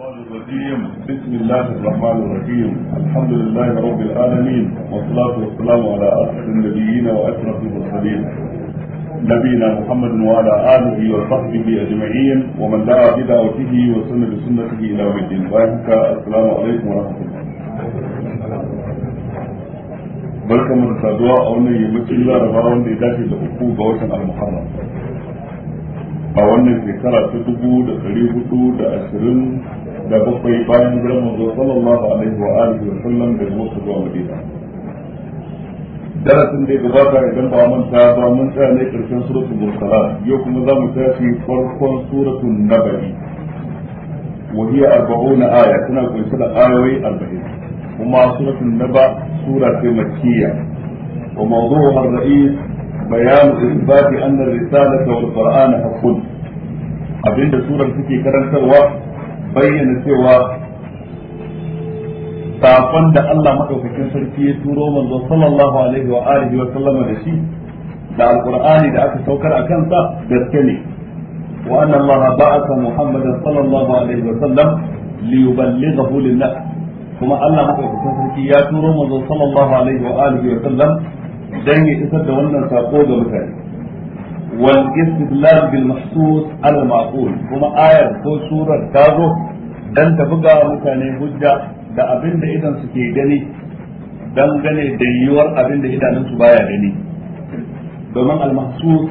الشيطان الرجيم بسم الله الرحمن الرحيم الحمد لله رب العالمين والصلاة والسلام على أسعد النبيين وأشرف المرسلين نبينا محمد وعلى آله وصحبه أجمعين ومن دعا بدعوته وسن بسنته إلى يوم الدين السلام عليكم ورحمة الله barkan mu da saduwa a wannan yammacin laraba wanda ya dace da uku ga watan al-muharram a wannan shekara ta dubu da ɗari hudu da ashirin da bakwai bayan hijiran manzo sallallahu alaihi wa alihi wa sallam daga zuwa zuwa Madina darasin da gabata idan ba manta ba mun tsaya ne karshen suratul mursalat yau kuma za mu tashi farkon suratul nabari وهي أربعون آية كنا قلت لها آية أربعين وما سورة النبأ سورة مكية وموضوعها الرئيس بيان إثبات أن الرسالة والقرآن حق abinda surar take karantarwa bayyana cewa sakon da Allah madaukakin sarki ya turo manzo sallallahu alaihi wa alihi wa sallama da shi da alqur'ani da aka saukar a kansa gaske ne wa anna Allah ba'atha Muhammadan sallallahu alaihi wa sallam liyuballighahu lin-nas kuma Allah madaukakin sarki ya turo manzo sallallahu alaihi wa alihi wa sallam dan ya isar da wannan sako ga mutane والاستدلال بالمحسوس على المعقول كما آية كو سورة تازو dan ta buga mutane hujja da abin da idan suke gani dan gane da yiwuwar abin da baya gani domin al-mahsus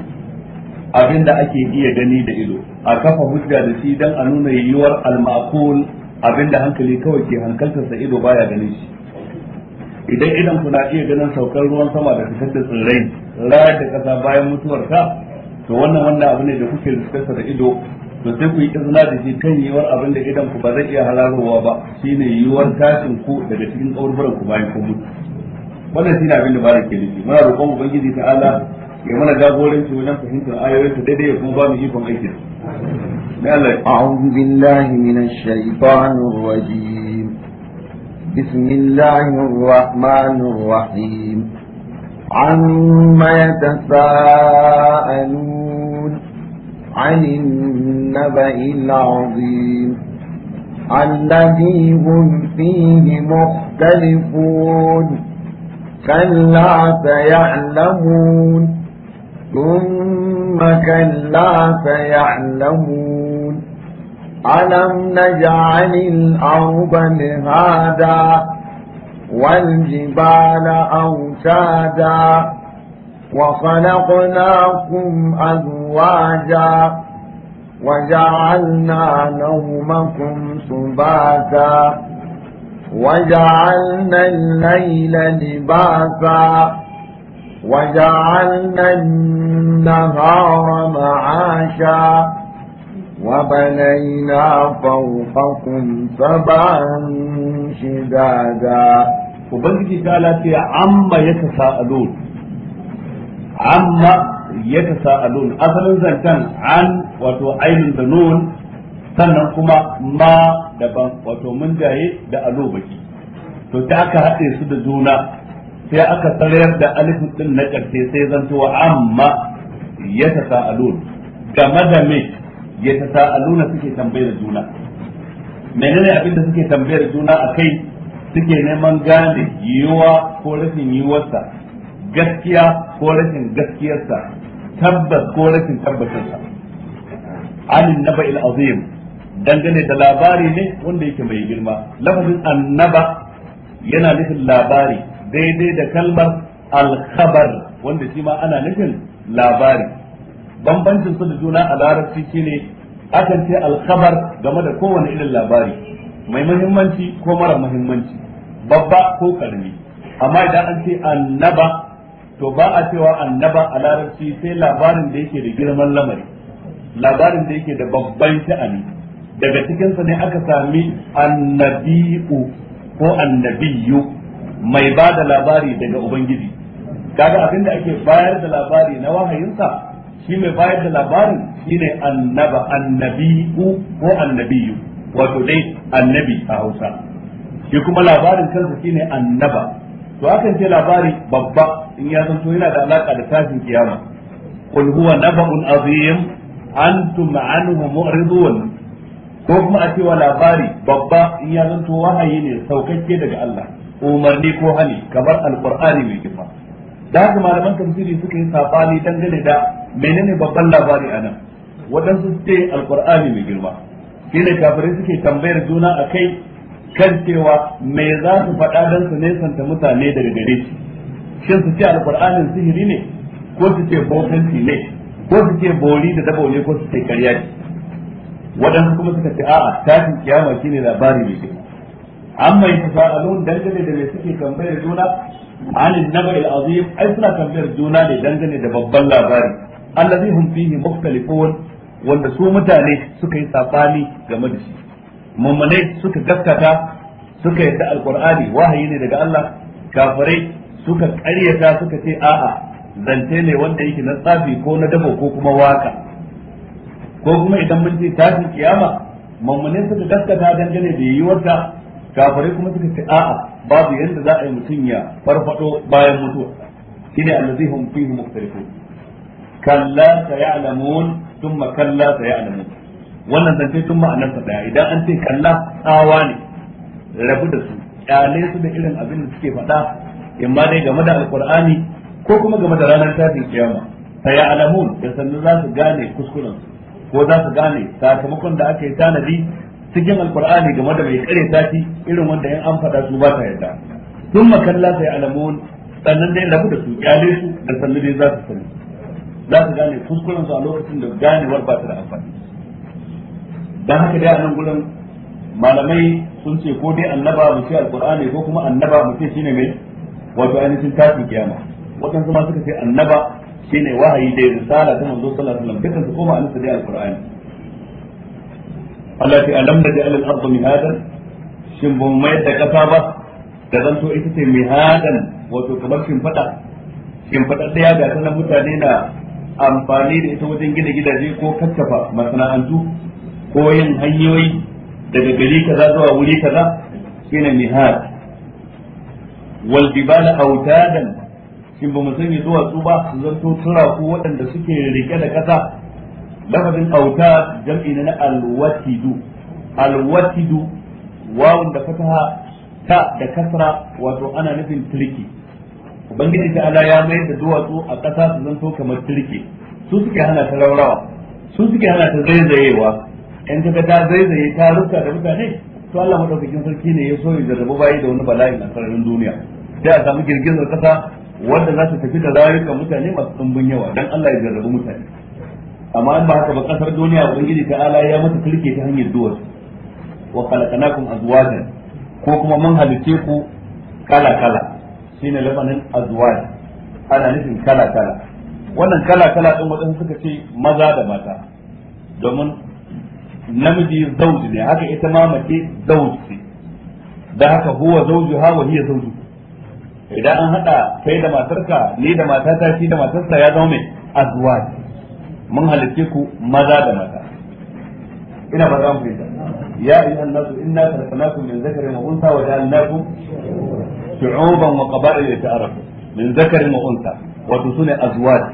ake iya gani da ido a kafa hujja da shi dan a nuna yiwuwar al-ma'qul hankali kawai ke ido baya shi idan idan kuna iya ganin saukar ruwan sama da fitar da tsirrai rayar da kasa bayan mutuwar ka to wannan wannan abu ne da kuke fuskanta da ido to sai ku yi izina da shi kan yiwuwar abin da idan ku ba zai iya halarowa ba shine yiwuwar tashin ku daga cikin kaurburan ku bayan ku mutu wannan shine abin da ke nufi muna roƙon ubangiji ta'ala ya mana jagoranci wajen fahimtar ayoyin ta daidai ya kuma ba mu ikon aikin أعوذ a'udhu billahi minash الرجيم rajim bismillahir rahmanir rahim عما يتساءلون عن النبأ العظيم الذي هم فيه مختلفون كلا سيعلمون ثم كلا سيعلمون ألم نجعل الأرض مهادا والجبال أولا أنشادا وخلقناكم أزواجا وجعلنا نومكم سباتا وجعلنا الليل لباسا وجعلنا النهار معاشا وبنينا فوقكم سبعا شدادا ubangiji ta lafiya amma ya tasa'alun amma ya tasa'alun asalin zantan an wato ainihin da nun sannan kuma ma daban wato mun jaye da alo to ta aka haɗe su da juna sai aka sayar da alifin din na ƙarshe sai zanto amma ya tasa'alun game da me ya tasa'aluna suke tambayar juna menene abin da suke tambayar juna akai suke neman gane yiwuwa ko rashin yiwuwarsa gaskiya ko rashin gaskiyarsa tabbas ko rashin tabbacinsa alin naba il azim dangane da labari ne wanda yake mai girma lafazin annaba yana nufin labari daidai da kalmar alkhabar wanda shi ma ana nufin labari bambancin su da juna a larabci shine akan ce alkhabar game da kowane irin labari mai muhimmanci ko mara muhimmanci babba ko karami amma idan an ce annaba to ba a cewa annaba a larabci sai labarin da yake da girman lamari labarin da yake da babban sha'ani daga cikinsa ne aka sami annabi'u ko annabiyu mai ba da labari daga ubangiji kaga abin da ake bayar da labari na wahayinsa shi mai bayar da labarin shine annaba annabi'u ko annabiyu wato dai annabi a Hausa shi kuma labarin kansa shine annaba to akan ce labari babba in ya zanto yana da alaka da tashin kiyama qul huwa naba'un azim antum anhu mu'ridun ko kuma a cewa labari babba in ya zanto wahayi ne saukakke daga Allah umarni ko hani kamar alqur'ani mai girma da haka malaman tafsiri suka yi sabani dangane da menene babban labari anan waɗansu ce alqur'ani mai girma shine kafirai suke tambayar juna a kai? kan cewa me za su faɗa don su nesanta mutane daga gare shi shin su ce alqur'anin sihiri ne ko su ce bokanci ne ko su ce bori da dabo ne ko su ce karya ne waɗansu kuma suka ce a'a tashin kiyama shine labari ne an mai tafa'alun dangane da me suke tambayar juna anin naba'il azim ai suna tambayar juna ne dangane da babban labari allazi hum fihi mukhtalifun wanda su mutane suka yi sabani game da shi mummunai suka gaskata suka yadda alkur'ani wahayi ne daga Allah kafare suka ƙaryata suka ce a'a zance ne wanda yake na tsafi ko na dabo ko kuma waka ko kuma idan mun ce tashin kiyama mummunai suka gaskata dangane da ta kafare kuma suka ce a'a babu yadda za a yi mutum ya farfado bayan mutuwa shine allazi hum fihi muftarifun kalla ya'lamun thumma kalla alamu. wannan zance tun ma'anar sa daya idan an ce kalla tsawa ne rabu da su kyale su da irin abin da suke faɗa in ma dai game da alqur'ani ko kuma game da ranar tafin kiyama alamu da sannu za su gane kuskuren ko za su gane sakamakon da aka yi tanadi cikin alqur'ani game da mai kare tafi irin wanda in an faɗa su ba ta yarda thumma kalla alamu sannan dai rabu da su kyale su da sannu dai za su sani za su gane kuskuren su a lokacin da ganewar ba ta da amfani dan haka dai a nan gurin malamai sun ce ko dai annaba mu ce alqur'ani ko kuma annaba mu ce shine mai wato ainihin tashin kiyama wannan ma suka ce annaba shine wahayi da risala ta manzo sallallahu alaihi wasallam duka su koma an su dai alqur'ani Allah ya alam da ja'al ardh min hadan shin bu mai da kasa ba da zanto ita ce mihadan wato kamar shin fada shin fada daya ga sanan mutane na amfani da ita wajen gina gidaje ko kakkafa masana'antu ko yin hanyoyi daga gari kaza zuwa wuri kaza shine mihad wal jibala autadan shin ba mu sani zuwa su ba zanto turaku waɗanda suke rike da kasa lafazin auta jam'i na alwatidu alwatidu wawun da fataha ta da kasra wato ana nufin turki ubangiji ta ala ya mayar da duwatsu a ƙasa su zanto kamar turke su suke hana ta raurawa su suke hana ta zaizayewa in ta ta zaizaye ta rufta da mutane to Allah madaukakin sarki ne ya so ya jarrabu bayi da wani bala'in a sararin duniya sai a samu girgizar ƙasa wanda za ta tafi da rayukan mutane masu ɗumbin yawa dan Allah ya jarrabu mutane amma an ba haka ba ƙasar duniya ubangiji ta ala ya mata turke ta hanyar duwatsu wa khalaqnakum azwajan ko kuma mun halice ku kala kala shine lafanin azwaj ana nufin kala kala wannan kala kala din wadanda suka ce maza da mata domin namiji zauji ne haka ita ma mace zauji ce da haka huwa ha wa hiya zauji idan an hada kai da matarka ni da matata shi da matarsa ya zama mai azwaj mun halicce ku maza da mata ina ba za mu fita ya ayyuhan nasu inna khalaqnakum min dhakarin wa untha wa ja'alnakum shu'uban wa qaba'il yata'arafu min zakarin wa unsa wato sune azwaj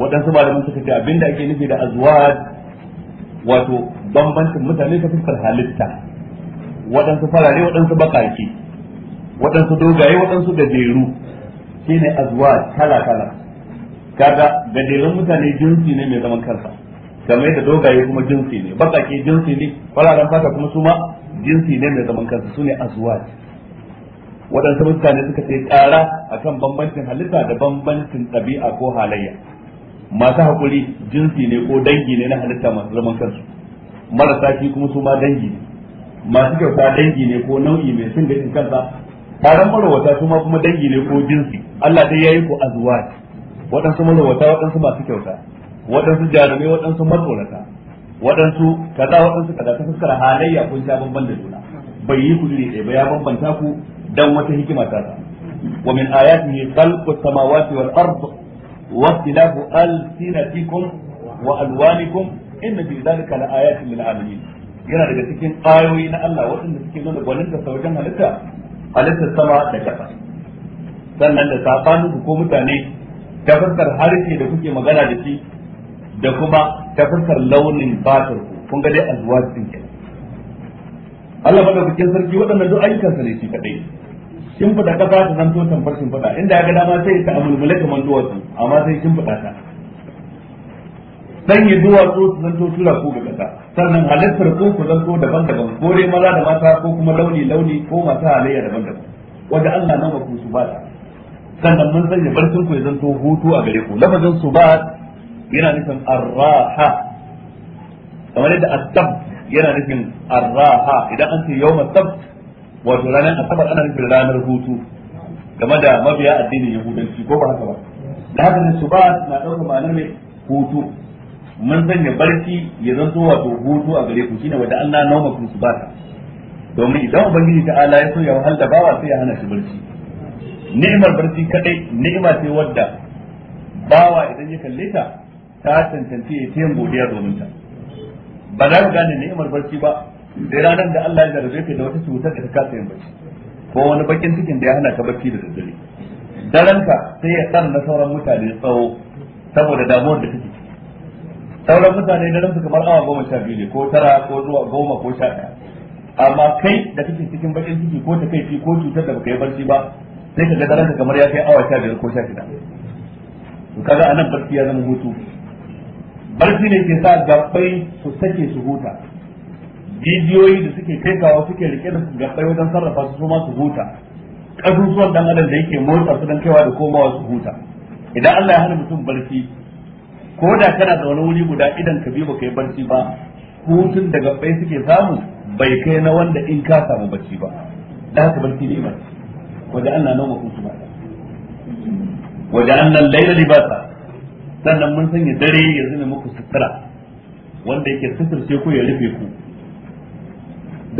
waɗansu malaman suka ce abinda ake nufi da azwaj wato bambancin mutane ta fuskar halitta waɗansu farare waɗansu baƙaƙe waɗansu dogaye waɗansu gajeru shine azwaj kala kala kaga gajerun mutane jinsi ne mai zaman kansa game da dogaye kuma jinsi ne baƙaƙe jinsi ne fararen fata kuma su ma jinsi ne mai zaman kansa sune azwaj waɗansu mutane suka ce ƙara akan bambancin halitta da bambancin ɗabi'a ko halayya masu haƙuri jinsi ne ko dangi ne na halitta masu zaman kansu marasa shi kuma su ma dangi ne masu kyauta dangi ne ko nau'i mai sun gashin kansa taron marawata su ma kuma dangi ne ko jinsi Allah dai yi ku azwaj waɗansu marawata waɗansu masu kyauta waɗansu jarumai waɗansu matsorata waɗansu kaza waɗansu kaza ta fuskar halayya kun sha bambanta da juna bai yi ku iri ɗaya ba ya bambanta ku dan wata hikima ta ta wa min ayatihi khalqus samawati wal ard wa ikhtilafu alsinatikum wa alwanikum inna fi dhalika la lil alamin yana daga cikin ayoyi na Allah waɗanda suke nuna gwaninta ta wajen halitta halittar sama da ƙasa sannan da safanin ko mutane ta fuskar harshe da kuke magana da shi da kuma ta fuskar launin batar ku kun ga dai alwaz din ke Allah madaukakin sarki waɗannan duk ayyukan sa ne shi kadai shin fada kasa ta zanto tamfar shin fada inda ya ga dama sai ta amulmule kamar duwatsu amma sai shin fada ta sanya duwatsu su zanto tura ku ga kasa sannan halittar ku ku zanto daban-daban ko dai maza da mata ko kuma launi-launi ko masu halayya daban-daban wanda Allah na ku su ba sannan mun sanya barkin ku ya zanto hutu a gare ku lafazin su ba yana nufin arraha kamar yadda asab yana nufin arraha idan an ce yawma sabt wato ranar asabar ana nufin ranar hutu game da mabiya addinin yahudanci ko ba haka ba da haka ne ba na ɗaukar ma'anar mai hutu mun sanya barci ya zanto wato hutu a gare ku shine wanda Allah mu su ba domin idan ubangiji ta Allah ya so ya wahal da bawa sai ya hana shi barci ni'imar barci kadai ni'ima ce wadda bawa idan ya kalle ta ta tantance ya tayin godiya domin ta ba za ku gane ni'imar barci ba sai ranar da Allah ya jarabe ka da wata cutar da ta kasa yin bacci ko wani bakin cikin da ya hana ka bacci da daddare daranka sai ya tsara na sauran mutane tsawo saboda damuwar da kake sauran mutane daren su kamar awa goma sha biyu ne ko tara ko zuwa goma ko sha ɗaya amma kai da kake cikin bakin ciki ko ta kai ko cutar da baka yi barci ba sai ka ga daranka kamar ya kai awa sha biyar ko sha shida to kaga anan barci ya zama hutu barci ne ke sa gabbai su sake su huta jijiyoyi da suke kai kawo suke rike da gabbai wajen sarrafa su ma su huta ƙasusuwan ɗan adam da yake motsa su dan kaiwa da komawa su huta idan Allah ya hana mutum barci ko da kana da wani wuri guda idan ka bi baka yi barci ba hutun da gabbai suke samu bai kai na wanda in ka samu barci ba da haka barci ne ba wajen Allah nawa su ba wajen Allah laila libasa sannan mun sanya dare ya ne muku sutura wanda yake sai ku ya rufe ku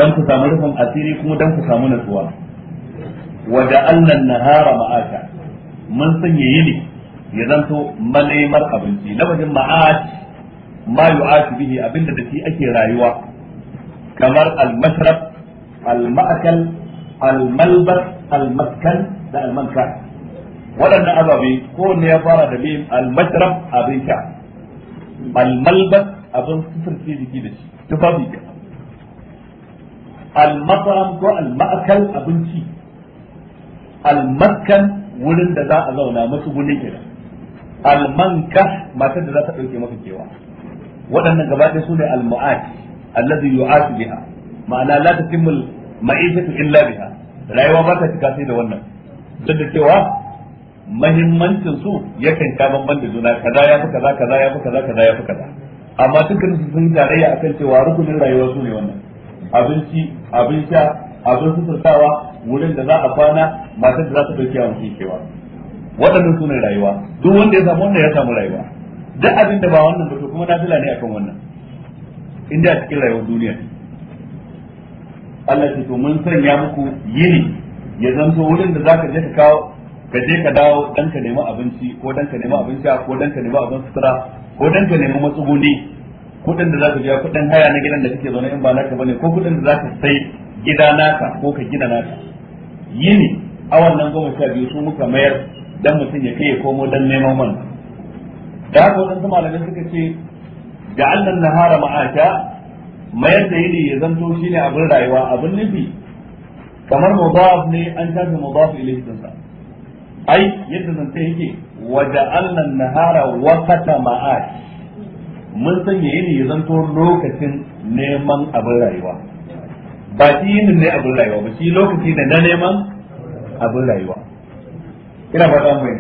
dan ku samu rufin asiri kuma dan ku samu nutsuwa wa ja'alna an-nahara ma'asha mun sanya yini ya zanto malaimar abinci Na lafazin ma'ash ma yu'ash bihi abinda da shi ake rayuwa kamar al-mashrab al-ma'kal al-malbas al-maskan da al-manka waɗannan ko kowanne ya fara da bim al-mashrab abin sha al-malbas abin sufurci jiki da shi tufafi al-matam ko al abinci al-makkan wurin da za a zauna masu gune kenan al-manka matar da za ta ɗauke maka kewa waɗannan gaba ɗaya sune al-mu'at allazi yu'at biha ma'ana la tatimul ma'ishatu illa biha rayuwa ba ta cika sai da wannan duk da cewa mahimmancin su yakan ka bamban da juna kaza ya fi kaza kaza ya fi kaza kaza ya fi kaza amma dukkan su sun tarayya akan cewa rukunin rayuwa su ne wannan abinci abin sha abin suturtawa wurin da za a kwana matar da za ta dauke yawon kekewa. waɗannan sunan rayuwa duk wanda ya samu wannan ya samu rayuwa duk abin da ba wannan ba to kuma nafila ne akan wannan inda a cikin rayuwar duniya Allah ce to mun sanya muku yini ya zanto wurin da zaka je ka kawo ka je ka dawo dan ka nemi abinci ko dan ka nemi abin sha ko dan ka nemi abin sutura ko dan ka nemi matsuguni kudin da zaka biya kudin haya na gidan da kake zaune in ba naka bane ko kudin da zaka sai gida naka ko ka gina naka yini a nan goma sha biyu su muka mayar dan mutum ya kai komo dan neman man da dan kuma malamin suka ce da ja'alna nahara ma'asha mayar da yini ya zanto shine abin rayuwa abin nufi kamar mudaf ne an tafi mudaf ilayhi dinsa ai yadda zan ta yake wa ja'alna nahara waqata ma'ash mun san ya yini ya zanto lokacin neman abin rayuwa ba shi yinin ne abin rayuwa ba shi lokaci da na neman abin rayuwa ina ba ta mai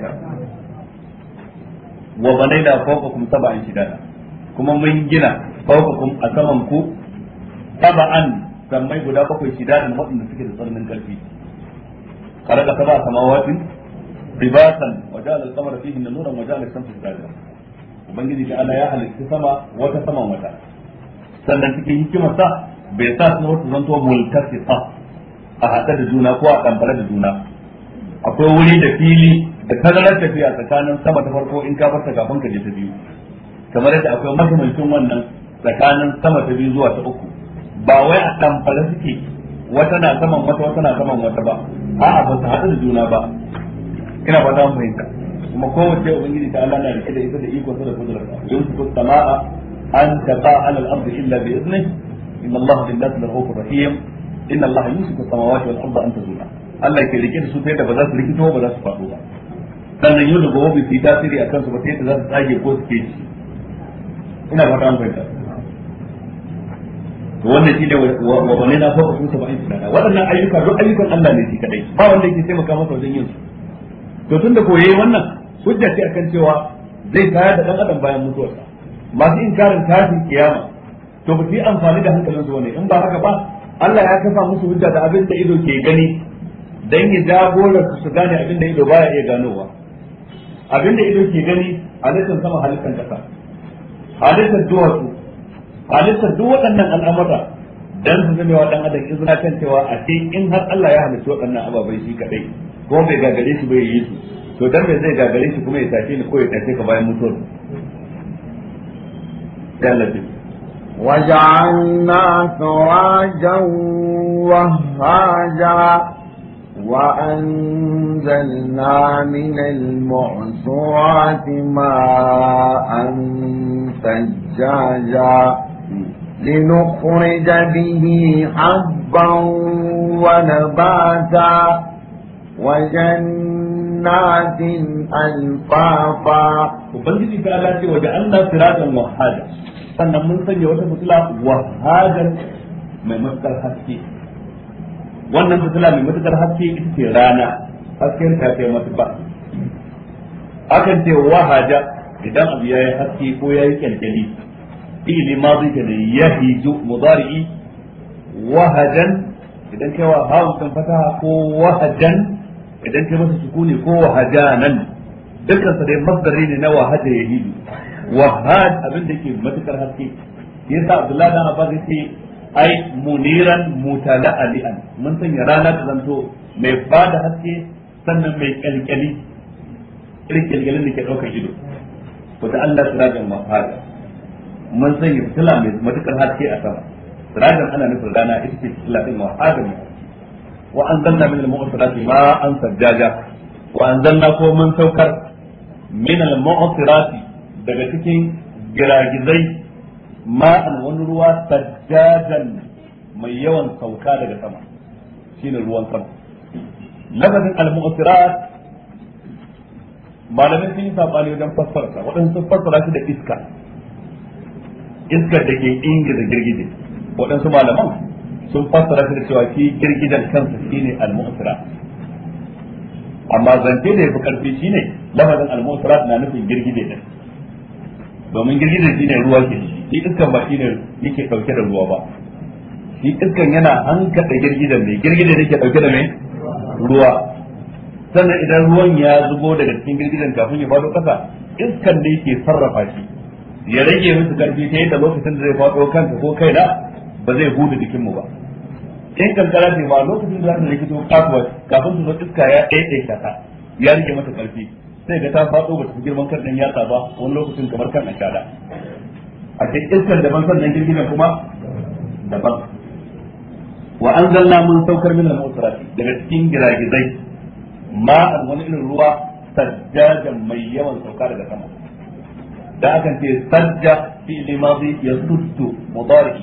wa banai da fawqakum an shidada kuma mun gina fawqakum a saman ku an sammai guda bakwai shidadan waɗanda suke da tsarnin karfi khalaqa sab'a samawati ribasan wa ja'ala al-qamara fihinna nuran wa ja'ala ash-shamsa sirajan ubangiji da ana ya halitta sama wata saman wata sannan cikin hikimar sa bai sa su wata zanto multasifa a haɗe da juna ko a ɗanfare da juna akwai wuri da fili da tazarar tafiya tsakanin sama ta farko in ka ta kafin ka je ta biyu kamar yadda akwai mahimmancin wannan tsakanin sama ta biyu zuwa ta uku ba wai a ɗanfare suke wata na saman wata wata na saman wata ba a'a ba su haɗu da juna ba ina fata mun fahimta kuma kowace ubangiji ta Allah na rike da ita da iko sa da ta yumsiku samaa an taqa ala al-ard illa bi idnihi inna Allah bil nas rahufur rahim inna Allah yumsiku samawati wal arda an tazula Allah ke rike da su sai da ba za su rikito ba za su faɗo ba sannan yau da gobe bi yi tasiri a kansu ba sai da za su tsage ko su keci ina fata an fahimta to wannan shi ne wa bane na fa su saba'in sunana waɗannan ayyuka duk ayyukan Allah ne shi kadai ba wanda yake taimaka masa wajen yin su to tun da koyayi wannan hujja ce akan cewa zai tayar da dan adam bayan mutuwarsa masu inkarin tashin kiyama to ba su yi amfani da hankalin su ne in ba haka ba Allah ya kafa musu hujja da abin da ido ke gani dan ya jagorar su gane abin da ido baya iya ganowa abin da ido ke gani halittar sama halittar kasa halittar duwatsu halittar duk waɗannan al'amura dan su zama wa dan adam izina kan cewa a ce in har Allah ya halicci waɗannan ababai shi kadai ko bai gagare shi bai yi su to dan bai zai gagare shi kuma ya tafi ni ko ya tafi ka bayan mutuwar gallabi وجعلنا سراجا وهاجا وأنزلنا من المعصرات ماء ثجاجا لنخرج به حبا ونباتا وجنات ألفافا وبنجي تعالى وجعلنا سراجا وهاجا sannan mun sanya wata fitila wahajan mai matukar haske wannan fitila mai matukar haske ita ce rana hasken ta kai matuka akan ce wahaja idan abu ya yi haske ko ya yi kyalkyali fi'ili madi ka da yahiju mudari'i wahajan idan kai wa hawan kan fataha ko wahajan idan kai masa sukuni ko wahajanan dukkan sa dai masdari ne na wahada yahiju wahad abin da ke matukar haske yasa abdullahi dan abbas yace ai muniran mutala'alian mun sanya rana ta zanto mai bada haske sannan mai kyalkyali irin kyalkyalin da ke daukar ido wata Allah sirajan mahada mun yi fitila mai matukar haske a sama sirajan ana nufin rana ita ce fitila din wa adam wa anzalna min al-mu'sirati ma'an sajjaja wa an zanna ko mun saukar min al-mu'sirati daga cikin giragizai ma'an wani ruwa sajjajan mai yawan sauka daga sama shine ruwan sama lafazin al-mu'sirat malamin sun yi sabani wajen fassara waɗansu fassara shi da iska iskar da ke ingiza girgije waɗansu malaman sun fassara shi da cewa shi girgijen kansa shine al mutara amma zance da ya fi karfi shine lafazin al mutara na nufin girgije din domin girgije shine ruwa ke shi iskan ba shine yake dauke da ruwa ba shi iskan yana an kada girgijen mai girgije yake dauke da mai ruwa sannan idan ruwan ya zubo daga cikin girgijen kafin ya bado kasa iskan da yake sarrafa shi ya rage musu karfi ta yadda lokacin da zai faɗo kanta ko kaina ba zai hudu jikin mu ba in kankara ne ba lokacin da za ta to kafuwa kafin su zo iska ya ɗaiɗai ta ya rage mata karfi sai ga ta faɗo ba ta fi girman kan ɗan yatsa ba wani lokacin kamar kan a shada a ce iskan san sannan girgiza kuma daban wa an zanna mun saukar min al-mutrafi daga cikin giragizai ma'an wani irin ruwa sajjajan mai yawan sauka daga sama da aka ce sajja fi'li ya yasuddu mudari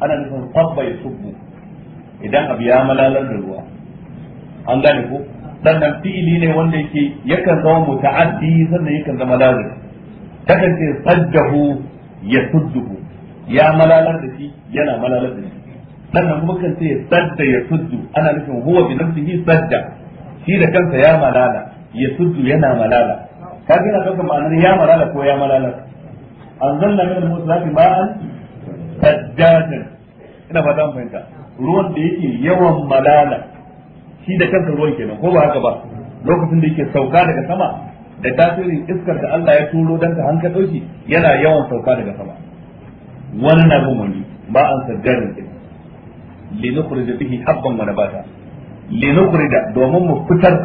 ana nufin sabba subbu idan abu ya malalar da ruwa an gane ko sannan fi'ili ne wanda yake yakan zama muta'addi sannan yakan zama lazim takan ce sajjahu yasudduhu ya malalar da shi yana malalar da shi sannan kuma kan ce sadda yasuddu ana nufin huwa bi nafsihi sadda shi da kansa ya malala Ya yasuddu yana malala kaga yana daukar ma'anar ya malala ko ya malala zanna min al zafi ma'an sajjajan ina fata mun fahimta ruwan da yake yawan malala shi da kansa ruwan kenan ko ba haka ba lokacin da yake sauka daga sama da tasirin iskar da Allah ya turo dan ta hanka dauki yana yawan sauka daga sama wani na bin wani ma'an sajjajan kenan linukhrij bihi habban wa nabata linukhrij domin mu fitar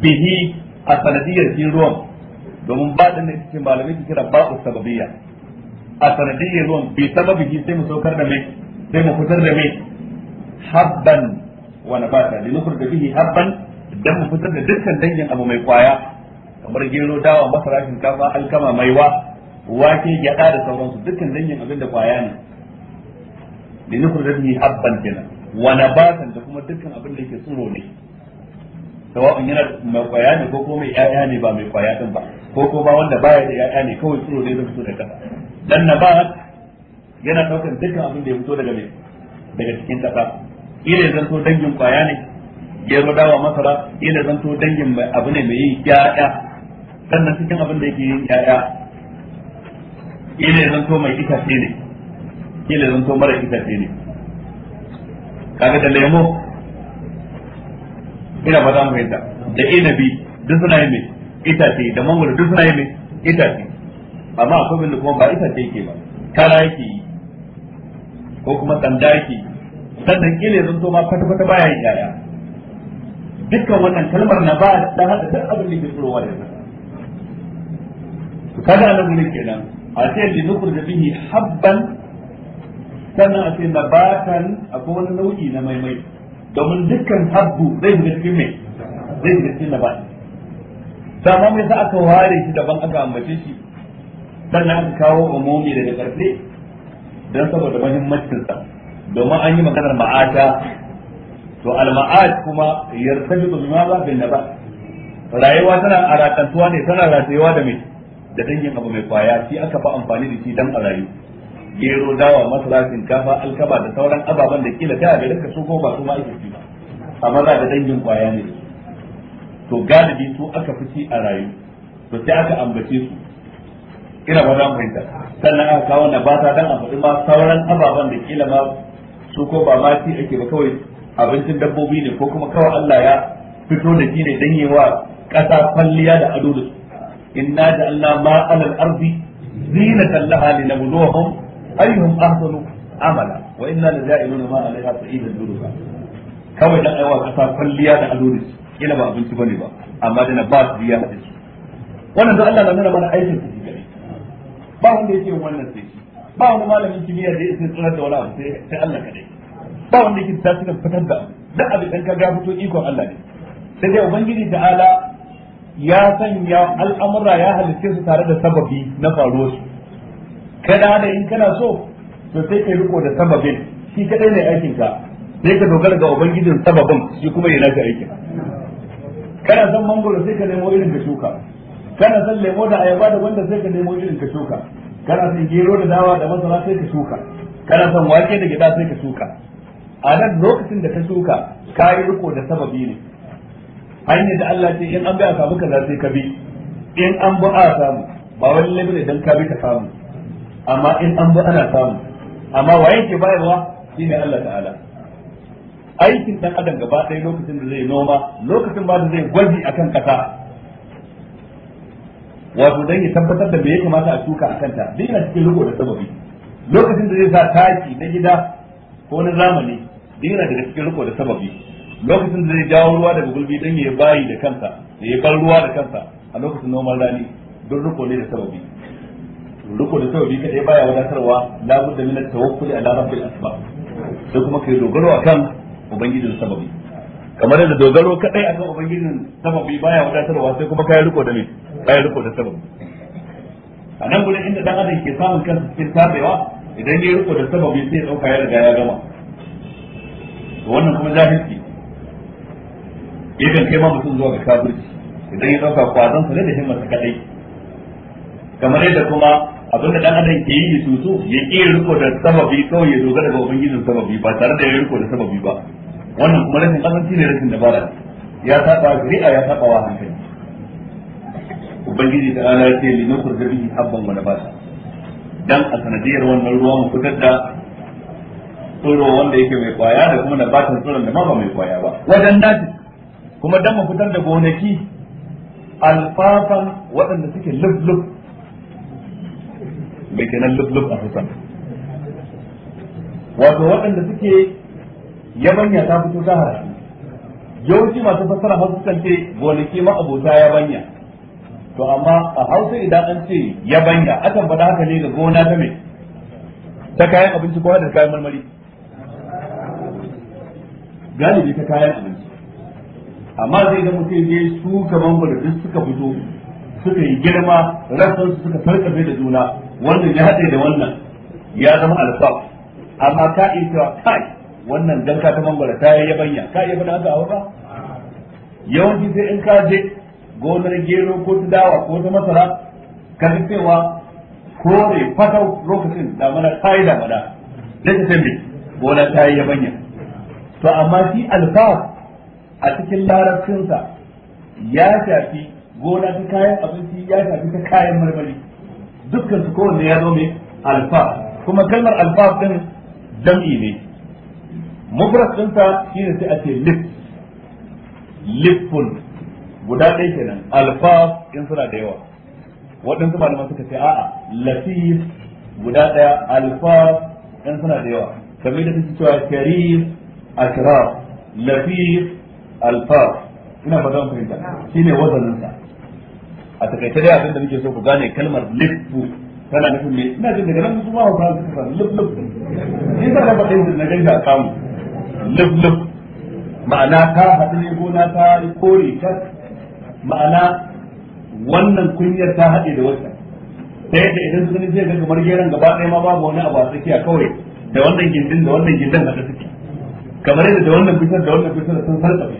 bihi a sanadiyar shi ruwan domin ba da ne cikin malamai su kira ba'u sababiyya a sanadiyyar ruwan bi sababihi sai mu saukar da mai sai mu fitar da mai habban wa nabata li da bihi habban dan mu fitar da dukkan dangin abu mai kwaya kamar gero dawa masara shinkafa alkama maiwa wake gyada da sauransu dukkan dangin abin da kwaya ne li da bihi habban kenan wa nabatan da kuma dukkan abin da yake tsiro ne sawa'un yana mai kwaya ne ko ko mai ƴaƴa ne ba mai kwaya din ba ko ko ba wanda baya da ƴaƴa ne kawai tsoro ne zai fito da kasa dan na ba yana daukan dukkan abin da ya fito daga mai daga cikin kasa ila zan to dangin kwaya ne gero dawa masara ila zan to dangin mai abu ne mai yin ƴaƴa sannan cikin abin da yake yin ƴaƴa ile zan to mai itace ne ile zan to mara itace ne kaga da lemo ina ba za mu yadda da inabi duk suna yi mai itace da mangoro duk suna yi mai itace amma akwai bin kuma ba itace yake ba kara yake yi ko kuma sanda yake yi sannan ile zan to ma kwata kwata baya yin yaya dukkan wannan kalmar na ba da haɗa duk abin da ke tsurowa da zaka Kada kaga anan gurin kenan a ce yadda nukur da bihi habban sannan a ce batan akwai wani nau'i na maimai domin dukkan habbu zai shiga cikin mai zai shiga cikin nabat ma mai sa aka ware shi daban aka ambace shi sannan aka kawo umumi daga karfe don saboda sa domin an yi maganar ma'ata to al-ma'at kuma yartabitu bima ba bin nabat rayuwa tana arakantuwa ne tana rayuwa da mai da dangin abu mai kwaya shi aka fa amfani da shi dan a rayu gero dawa masara shinkafa alkaba da sauran ababen da kila kai a garin ka su ko ba su ma ake ba amma za da dangin kwaya ne to galibi su aka fi ci a rayu to sai aka ambace su ina ba za mu fahimta sannan aka kawo na ba ta dan a faɗi ma sauran ababen da kila ma su ko ba ma ci ake ba kawai abincin dabbobi ne ko kuma kawai Allah ya fito da shi ne dan yewa ƙasa kwalliya da ado da su inna da Allah ma alal ardi zinatan laha linabluwahum ayyuhum ahsanu amala wa inna la ja'iluna ma alaiha sa'idan durusa kawai dan aiwa kasa kwalliya da alori ina ba abinci bane ba amma dana ba su biya hadisi wannan don Allah na nuna mana aikin su gare ba wanda yake wannan sai ba wani malamin kimiyya da yake tsirar da wani abu sai sai Allah kadai ba wanda yake tasirin fitar da da abin dan kaga fito ikon Allah ne sai dai ubangiji ta'ala ya sanya al'amura ya halitta su tare da sababi na faruwar su kada da in kana so to sai kai riko da sababin shi kadai ne aikin ka sai ka dogara ga ubangijin sababin shi kuma yana ka aikin kana san mangoro sai ka nemo irin ka shuka kana san lemo da ayaba da wanda sai ka nemo irin ka shuka kana san gero da dawa da masara sai ka shuka kana san wake da gida sai ka shuka a nan lokacin da ka shuka ka yi riko da sababi ne hanyar da Allah ce in an bi a samu kaza sai ka bi in an bi a samu ba wani lebe ne dan ka bi ka samu amma in an bi ana samu amma waye ke bayarwa shine Allah ta'ala aikin dan adam gaba ɗaya lokacin da zai noma lokacin ba da zai gwaji akan kasa wato dan ya tabbatar da me ya kamata a shuka a kanta duk yana cikin riko da sababi lokacin da zai sa taki na gida ko na zamani duk yana daga cikin riko da sababi lokacin da zai jawo ruwa daga gulbi dan ya bayi da kansa ya bar ruwa da kansa a lokacin noman rani don riko ne da sababi riko da sababi kadai baya wadatarwa la budda min tawakkuli tawakkul ala rabbil asbab sai kuma kai dogaro akan ubangijin sababi kamar da dogaro kadai akan ubangijin sababi baya wadatarwa sai kuma kai riko da me kai riko da sababi a nan gurin inda dan adam ke samun kansa cikin tabewa idan ya riko da sababi sai ya dauka ya riga ya gama wannan kuma jahilci yakan kai ma mutum zuwa ga kafirci idan ya dauka kwazon sa ne da himmarsa kadai kamar yadda kuma abinda dan adam ke yi su su ya iya riko da sababi kawai ya dogara ga ubangijin sababi ba tare da ya riko da sababi ba wannan kuma rashin kasance ne rashin dabara ya saba shari'a ya saba wa hankali ubangiji da ala ya ce li nukur da bihi habban wani nabata dan a sanadiyar wannan ruwa mu fitar da tsoro wanda yake mai kwaya da kuma nabatan tsoron da ma ba mai kwaya ba wajen daji kuma dan mu fitar da gonaki alfafan waɗanda suke lub lub mai kenan lublub a husan wato waɗanda suke yabanya ta fito ta haramu yawanci masu fassara hausa kan ce gonaki ma abota yabanya to amma a hausa idan an ce yabanya akan faɗa haka ne ga gona ta mai ta kayan abinci ko da kayan marmari galibi ta kayan abinci amma zai ga mutum ne su kaman duk suka fito suka yi girma rasansu suka sarkafe da juna wannan ya haɗe da wannan ya zama alfaf amma ka iya cewa kai wannan ka ta mangwara ta yi yabanya ka iya faɗa haka a wata yawanci sai in ka je gonar gero ko ta dawa ko ta masara ka ji cewa kore fatau lokacin damana ta yi damana da ta sai gonar ta yi yabanya to amma shi alfaf a cikin larabcinsa ya shafi gona ta kayan abinci ya shafi ta kayan marmari dukkan su kowanne ya zo mai alfaf kuma kalmar alfaf din jam'i ne mufrad ɗinsa shine sai a ce lif lifun guda ɗaya kenan alfaf in suna da yawa waɗansu malaman suka ce a'a latif guda ɗaya alfaf in suna da yawa kamar da suke cewa karif ashraf latif alfaf ina fata mun fahimta shine wazaninsa a takaice dai abin da muke so ku gane kalmar lifu tana nufin me ina jin daga nan su ma ba su ka lif lif ni da ba kai na gani da samu lif lif ma'ana ta haɗu ne gona ta kore ta ma'ana wannan kunyar ta haɗe da wata ta yadda idan su gani zai ga kamar geran gaba ɗaya ma babu wani abu a tsakiya kawai da wannan gindin da wannan gindin haka suke kamar yadda da wannan kusur da wannan bishar sun sarƙafe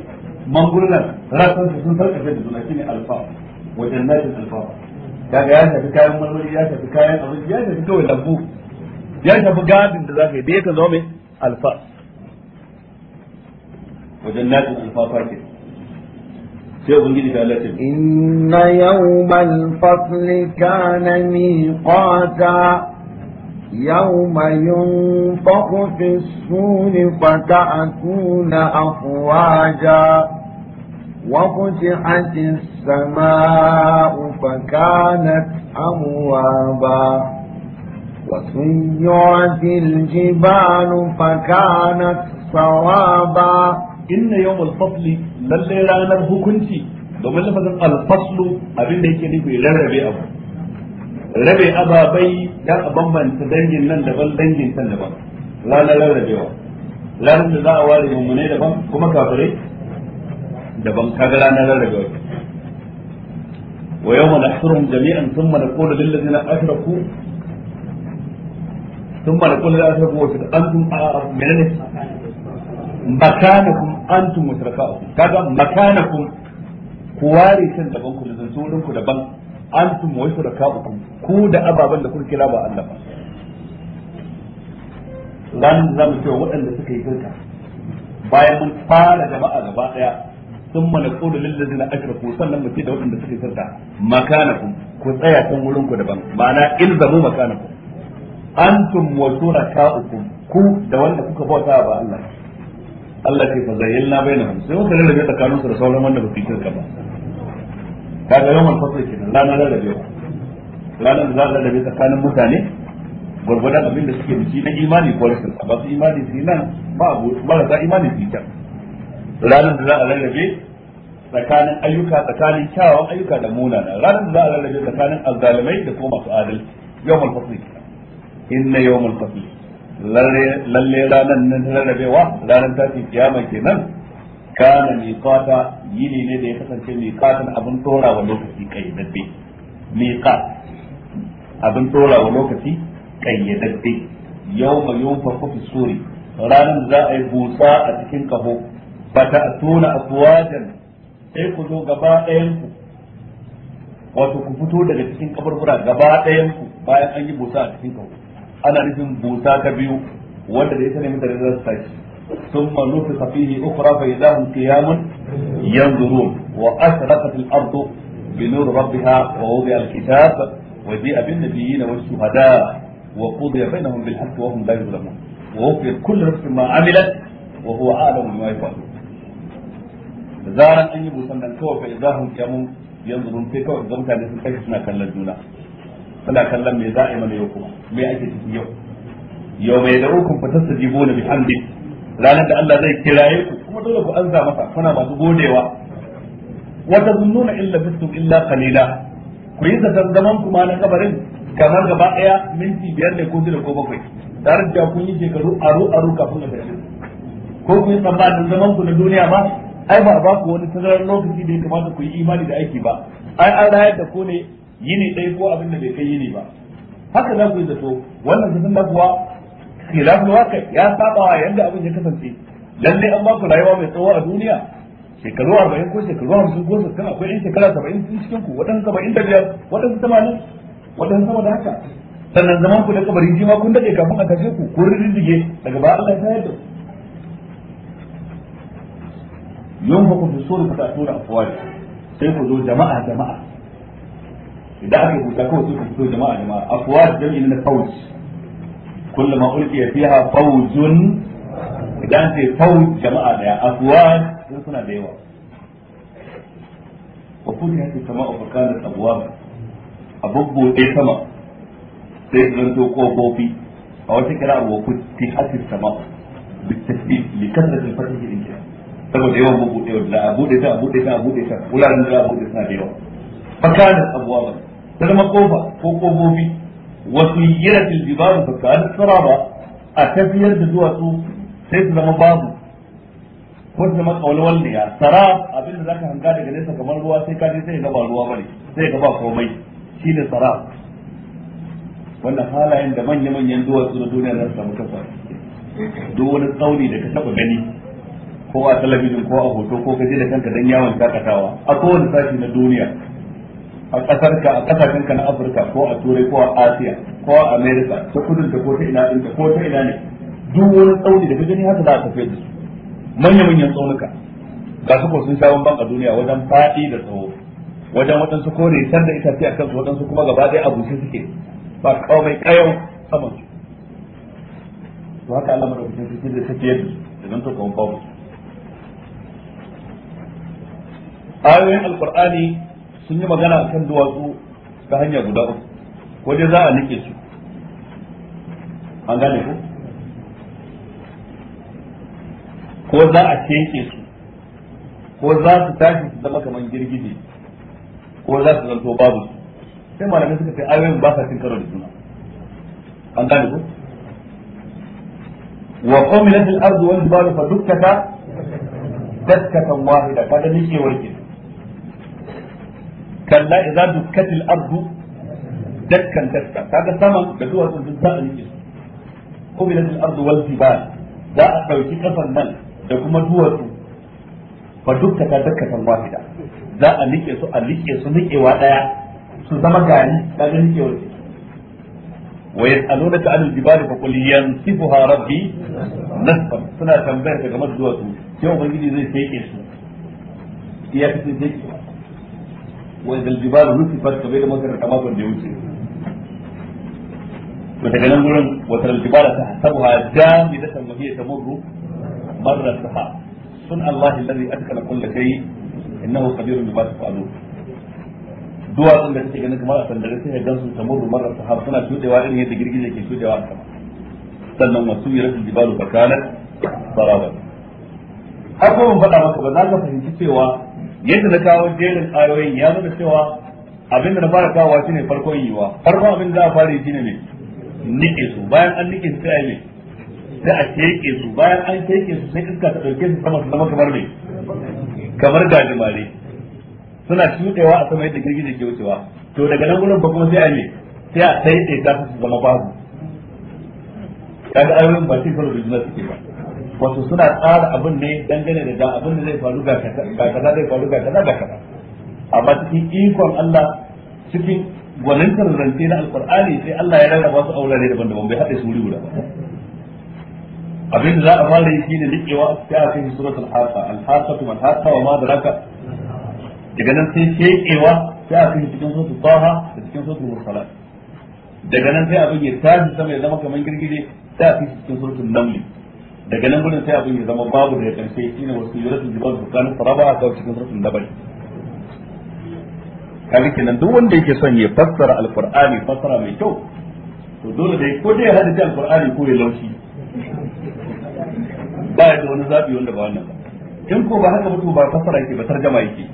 mangulan rasansu sun sarƙafe da juna shine alfa wa jannatin alfafa kaga ya shafi kayan marmari ya shafi kayan abinci ya shafi kawai lambu ya shafi gadin da za zaka yi da yakan zama mai alfa wa jannatin alfafa ke sai ubangiji da Allah ta inna yawmal fasli kana miqata يوم ينفخ في السور فتأتون أفواجا وفتحت السماء فكانت أبوابا وسيرت الجبال فكانت صوابا إن يوم الفصل للي ranar hukunci domin lafazin alfaslu abin da yake nufi rarrabe abu rabe ababai don a bambanta dangin nan daban dangin can daban ranar rarrabewa ranar da za a ware mummunai daban kuma kafirai daban ka ga ranar rarrabe wata wa yau yawma nahshuruhum jami'an sun mana thumma naqulu lil ladzina ashraku thumma naqulu lil ladzina ashraku wa antum menene makanakum antum wa shurakaa'ukum kaga makanakum ku ware shan daban ku da zanturin ku daban antum wa shurakaa'ukum ku Ku da ababen da kuka kira ba Allah ba ranar da zamu cewa waɗanda suka yi girka bayan mun fara jama'a gaba daya sun mana kodu lillazi na ashraku sannan mu ce da waɗanda suke sirta makanakum ku tsaya kan wurin ku daban ma'ana in ilzamu makanakum antum wa shurakaukum ku da wanda kuka bauta ba Allah Allah ce fa zayyana bainahum sai wanda rarrabe tsakaninsu da sauran wanda ba su shirka ba kaga yawan fasl kenan ranar rarrabe ranar da za a rarrabe tsakanin mutane gwargwadon abin da suke da shi na imani ko rashin ba su imani su nan ba marasa imani su yi can ranar da za a lallabe tsakanin ayyuka tsakanin kyawawan ayyuka da munana ranar da za a lallabe tsakanin azzalimai da kuma masu adalci yawmul fasl inna yawmul fasl lalle ranar nan ta rarrabewa ta ce kiyama kenan kana miqata yini ne da ya kasance miqatan abin tora wa lokaci kayyadadde miqat abin tora wa lokaci kayyadadde yawma yunfaku fi suri ranar za a yi busa a cikin kaho fata'tuna afwajan sai ku zo gaba ku wato ku fito daga cikin kaburbura gaba ku bayan an yi busa a cikin kabu ana nufin busa ta biyu wanda da ita ne mutane za su tashi ثم نفخ فيه أخرى فإذا هم قيام ينظرون وأشرقت الأرض بنور ربها ووضع الكتاب وجيء بالنبيين والشهداء وقضي بينهم Wa وهم لا يظلمون ووفي كل نفس ما عملت وهو أعلم بما يفعلون zaran an yi busan nan kawai fa idahum yanzu mun sai kawai ga mutane sun kashe suna kallon juna suna kallon me za a yi mana yau kuma me ake ciki yau yau mai da hukun fatar su jibo na bihamdi ranar da Allah zai kiraye ku kuma dole ku anza masa kuna masu godewa wata zunnuna illa bisu illa kalila ku yi zaton zaman ku ma na kabarin kamar gaba daya minti biyar ne ko shida ko bakwai tare da kun yi shekaru aro aro kafin a tashi ko kun yi tsammanin zaman ku na duniya ba ai ba a ba ku wani tazarar lokaci da ya kamata ku yi imani da aiki ba ai an rayar da ku ne yini ɗaya ko abin da bai kai yini ba haka za ku yi zato wannan jikin da kuwa khilafin waka ya saba wa yadda abin ya kasance lalle an ba ku rayuwa mai tsawo a duniya shekaru arba'in ko shekaru hamsin ko sittin akwai yan shekara saba'in sun cikin ku waɗansu saba'in da biyar waɗansu tamanin waɗansu sama da haka sannan zaman ku da kabarin jima kun daɗe kafin a tashe ku ko rindige daga ba Allah ya tayar da ku يوم في تصور فتأتون أفواج سيكون دول جماعة جماعة إذا أكيد تكون تصور جماعة جماعة أفواج جميع من الفوج كلما ألقي فيها فوج إذا أنت فوج جماعة أفواج سيكون ديوة وفوج هذه السماء فكانت أبواب أبوبو إيه سماء سيكون توقو بوبي أو تكرا وفتحت السماء بالتسبيب لكثرة الفتح الإنجاب saboda yawan bude da a bude ta a bude ta a bude ta wuraren da a bude suna da yawa fakanin abuwa ba ta zama kofa ko kofofi wasu yira tiljibaru fakanin ba a tafiyar da duwatsu sai su zama babu ko su zama kawalwal ne ya sara abin da zaka hanga daga nesa kamar ruwa sai ka je sai ga ba ruwa bane sai ga ba komai shine sara wannan halayen da manya-manyan duwatsu na duniya za su samu kasa duk wani tsauni da ka taba gani ko a talabijin ko a hoto ko kaje da kanka dan yawon takatawa a kowane sashi na duniya a kasar ka a kasashen ka na Afirka ko a Turai ko a Asiya ko a America ta kudin da ko ta ina din ko ta ina ne duk wani tsauni da kaje ne haka za ka tafi da su manyan manyan tsaunuka ga su ko sun sha ban a duniya wajen fadi da tsawo wajen su kore san da itace a kansu su kuma gaba ɗaya abu suke ba kawai kayau saman su to haka Allah madaukakin sarki da tafi yadda da nan to kawai babu ayoyin alkur'ani sun yi magana kan duwatsu ta hanya guda uku ko dai za a nike su an gane ku. ko za a kenke su ko za su tashi su zama kamar girgije ko za su zanto babu su sai malamai suka ce ayoyin ba sa cin karo da suna an gane ku. wa qumilat al-ardu wal jibalu fa dukkata dakkatan wahida kada nike warke kalla idza dukkatil ardu dakkan dakka kaga saman da duwatsu duk za a rike su kubilat al ardu wal jibal za a dauki kafan nan da kuma duwatsu fa dukka ta dakka san wahida za a rike su a rike su rikewa daya su zama gari kaga rikewa ويسألونك عن الجبال فقل ينسفها ربي نسفا سنة تنبيه كما الدوات يوم يجي زي سيكي سنة يا كتير wa idal jibalu nusifat kabe da makar ta bakon da wuce Wata ganin to daga nan ta wa tal jibala ta hasabuha mafiya ta murru. Marar ta ha sun Allah alladhi atkala kull shay innahu qadirun bima tafalun duwatsun da ta take ganin kamar a sandare sai ya gansu marar ta ha suna shudewa irin yadda girgije ke a sama sannan wasu yiratul jibalu fakanat sarabat har ko ban faɗa maka ba za ka fahimci cewa yadda na kawo jerin ayoyin ya zama cewa abin da na fara kawo shi ne farkon yiwa farko abin da za a fara yi ne nike su bayan an nike su sai ne sai a sheke su bayan an sheke su sai iska ta dauke su sama su zama kamar me kamar gajimare suna shudewa a sama yadda girgiza ke wucewa to daga nan gurin ba kuma sai a ne sai a sai ta su zama babu kaga ayoyin ba sai karo da suke ba wato suna tsara abin ne dangane da abin da zai faru ga kaza zai faru ga kaza ga kaza amma cikin ikon Allah cikin gwanintar rance na alkur'ani sai Allah ya rarraba su aurare daban-daban bai haɗe su wuri guda ba abin da za a fara yi shine liƙewa sai a kai suratul haqa al-haqatu wal haqa wa ma daraka daga nan sai shekewa sai a kai cikin suratul taha da cikin suratul mursalat daga nan sai abin ya tashi sama ya zama kamar girgije sai a kai cikin suratul namli daga nan gudun sai abin ya zama babu daga shi ne wasu yuratul jibal hukan faraba a kawai cikin rasul labari kaga kenan duk wanda yake son ya fassara alqur'ani fassara mai kyau to dole dai ko dai ya hada da alqur'ani ko ya laushi ba ya da wani zabi wanda ba wannan in ko ba haka mutum ba fassara yake ba tarjama yake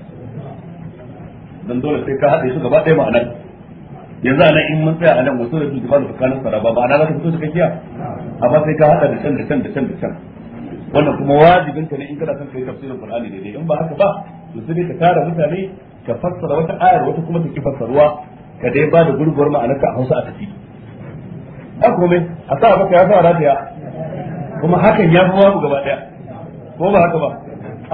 dan dole sai ka hada su gaba ɗaya ma'anar yanzu ana in mun tsaya anan wasu da tuka da tsakanin saraba ba ana za ka fito da kakiya amma sai ka hada da can da can da can da can wannan kuma wajibin ka ne in kana son kai tafsirin Qur'ani daidai in ba haka ba to sai ka tara mutane ka fassara wata ayar wata kuma ta ki fassaruwa ka dai ba da gurguwar ma'ana ka a Hausa a tafi ba komai a sa baka ya sa rafiya kuma hakan ya fi babu gaba daya ko ba haka ba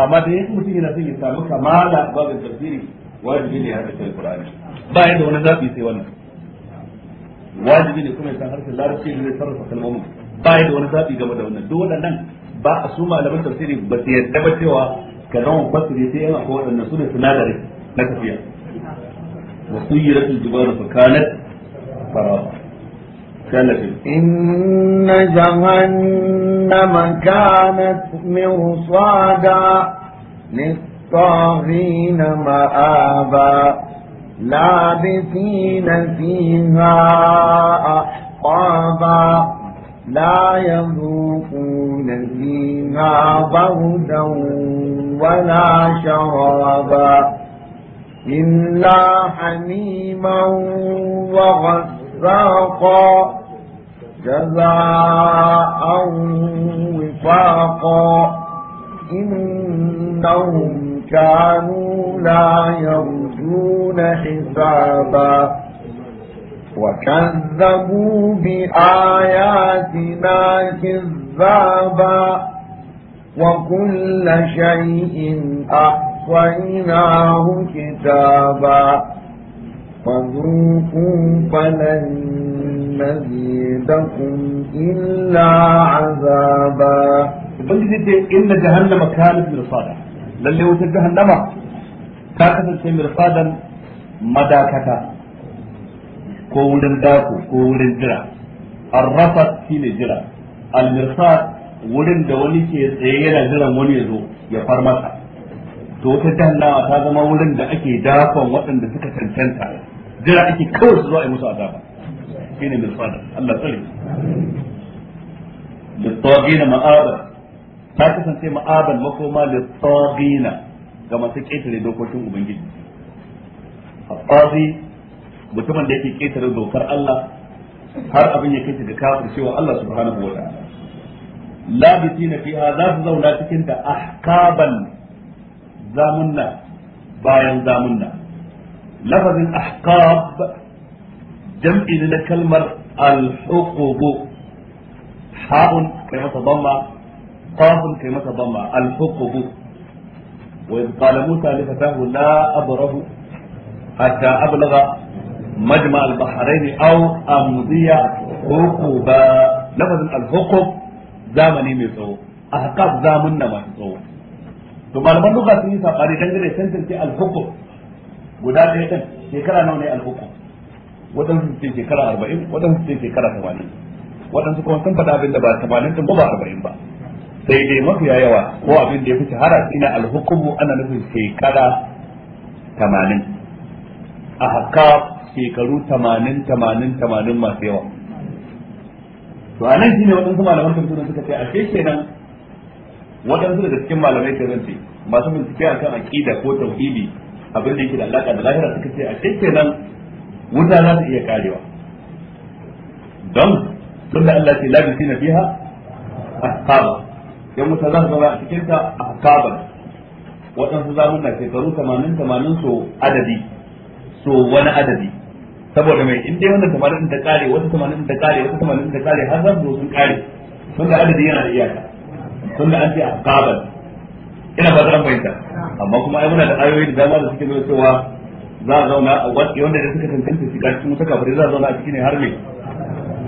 amma da yake mutum yana son ya samu kamala babin tafsiri wajibi ne ya cikin Qur'ani ba yanda wani zaɓi sai wannan wajibi ne kuma ya san harshen larabci ne zai sarrafa kalmomin ba yanda wani zaɓi game da wannan duk waɗannan ba a su malaman tafsiri ba su yarda ba cewa ka zama fasiri sai yana ko waɗannan su ne sinadarin na tafiya wa suyyiratul jibaru fa kanat farawa إن جهنم كانت مرصادا للطاغين مآبا لابثين فيها أحقابا لا يذوقون فيها بردا ولا شرابا إلا حميما وغساقا جزاء وفاقا إنهم كانوا لا يرجون دون حسابا وكذبوا بآياتنا كذابا وكل شيء أحصيناه كتابا فذوقوا فلن نزيدكم إلا عذابا بل إن جهنم كانت مرصادا للي وتجهنم ta kasance mirfadan madakata ko wurin dako ko wurin jira shi ne jira almirfad wurin da wani ke tsaye yana jiran wani ya zo ya far masa to wata jahannama ta zama wurin da ake dakon waɗanda suka cancanta jira ake kawai su zo a yi musu azaba shine mirfada Allah tsare littagina ma'aba ta kasance ma'aban makoma littagina ga masu ƙetare dokokin ubangiji alqazi mutumin da yake ƙetare dokar Allah har abin ya kai ga kafir cewa Allah subhanahu wa ta'ala labisina fiha za su zauna cikin da ahkaban zamunna bayan zamunna lafazin ahkab jam'i na kalmar al-huqubu ha'un kai masa dhamma qafun kai masa dhamma al-huqubu وإذ قال موسى لفتاه لا أبره حتى أبلغ مجمع البحرين أو أمضي حقوبا لفظ الحقوب زمني من صوت أحقاب زامنا ما صوت ثم لما في الحقوب sun faɗa abin da ba sai dai mafiya yawa ko abin da ya fi shahara shine alhukumu ana nufin shekara tamanin a haka shekaru tamanin tamanin tamanin masu yawa to a nan shine waɗansu malaman suna suka ce a nan waɗansu daga cikin malamai ta zance masu bincike akan aqida ko tauhidi abin da yake da alaƙa da lahira suka ce a nan wuta za ta iya karewa don da Allah ce la bisina fiha ahqaba yan wuta za su zama a cikin ta a kabar waɗansu zamun na shekaru tamanin tamanin so adadi so wani adadi saboda mai in dai wannan tamanin da kare wata tamanin da kare wata tamanin da kare har zan zo sun kare sun da adadi yana da iyaka sun da an ce a kabar ina ba zan fahimta amma kuma ai muna da ayoyi da dama da suke nuna cewa za a zauna a wani wanda da suka tantance shiga cikin wuta kafare za a zauna a cikin har mai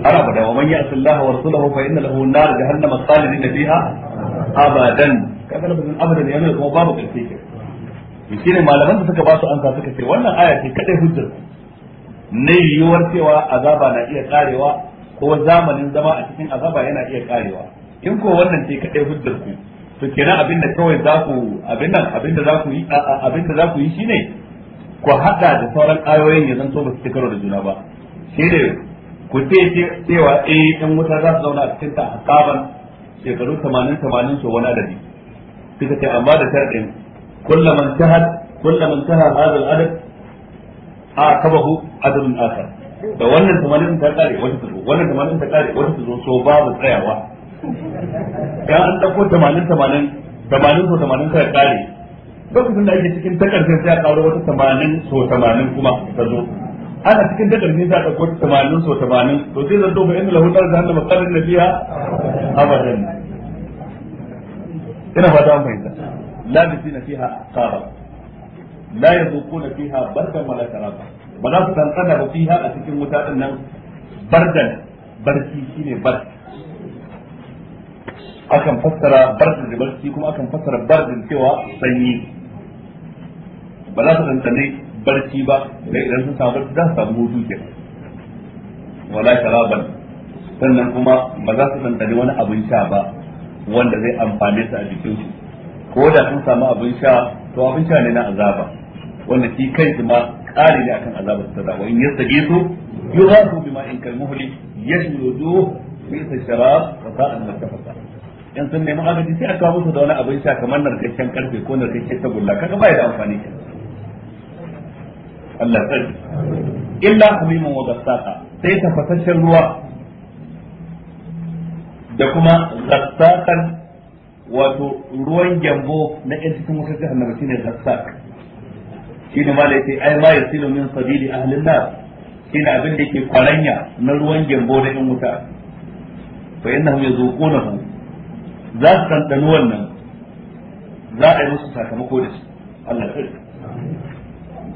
har abada wa man ya'ti Allah wa rasulahu fa inna lahu nar jahannama khalidin fiha abadan kaga lafazin abadan yana kuma babu karfi ke shi malaman da suka ba su ansa suka ce wannan aya ce kadai hujjar ne yiwuwar cewa azaba na iya karewa ko zamanin zama a cikin azaba yana iya karewa in ko wannan ce kadai hujjar ku to kenan abin da kawai za ku abin nan abin da za ku yi abin da za ku yi shine ku hada da sauran ayoyin ya zanto ba su ci karo da juna ba shine ku ce cewa eh in wuta za su zauna a cikin ta hakaban shekaru 80 80 so wani adadi suka ce amma da sharɗin kullaman tahad kullaman tahad hadal adad a kabahu adadun akar da wannan 80 ta kare wata su zo wannan 80 ta kare wata su zo so babu tsayawa dan an dauko 80 80 80 so 80 ta kare lokacin da ake cikin takardar sai a karo wata 80 so 80 kuma ta zo ana cikin dakar ne za a ɗauko 80 so 80 to sai zanto bayan lahu nar jahannama qalan nabiya abadan ina fata an fahimta la bisina fiha qara la yazuquna fiha bardan wala karaba ba za su tsantsana ba fiha a cikin wuta din nan bardan barci shine barci akan fassara bardan da barci kuma akan fassara bardan cewa sanyi ba za su tsantsane barci ba da idan sun samu barci za su samu hutu ke wala sharaban sannan kuma ba za su tantane wani abin sha ba wanda zai amfane su a jikinsu ko da sun samu abin sha to abin sha ne na azaba wanda shi kai ma kare ne akan azaba ta da wa in yastage su bi ma in kal muhli yashmudu bisa sharab wa sa'an mutafaka yan sun nemi agaji sai a kawo musu da wani abin sha kamar narkakken karfe ko narkakken tagulla kaga ba ya da amfani kenan Allah ya illa hamimun wa sai tafasasshen ruwa da kuma gassaqan wato ruwan gyambo na yan cikin na jahannama shine gassaq shine ne malai sai ai ma da min sabili ahlin nar ne abin da ke kwaranya na ruwan gyambo na yan wuta fa kona mu za su tantanu wannan za a yi musu sakamako da shi Allah ya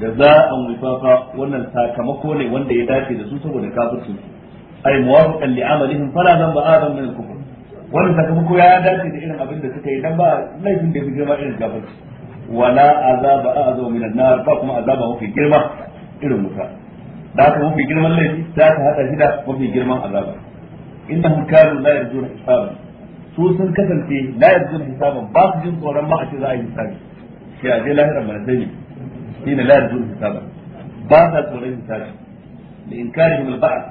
jaza'an wifafa wannan sakamako ne wanda ya dace da su saboda kafircin su ay muwafiqan li amalihim fala man a min al-kufr wannan sakamako ya dace da irin abin da suka yi dan ba laifin da girma irin kafirci wala azaba a'zamu min an-nar kuma azaba mafi girma irin wuta da haka mafi girman laifi za ta hada shi mafi girman azaba innahum kanu la yarjuna hisaban su sun kasance la yarjuna hisaban ba su jin tsoron a za a yi hisabi حين لا يرجون حسابا باتا تورين حسابا لإنكارهم البعث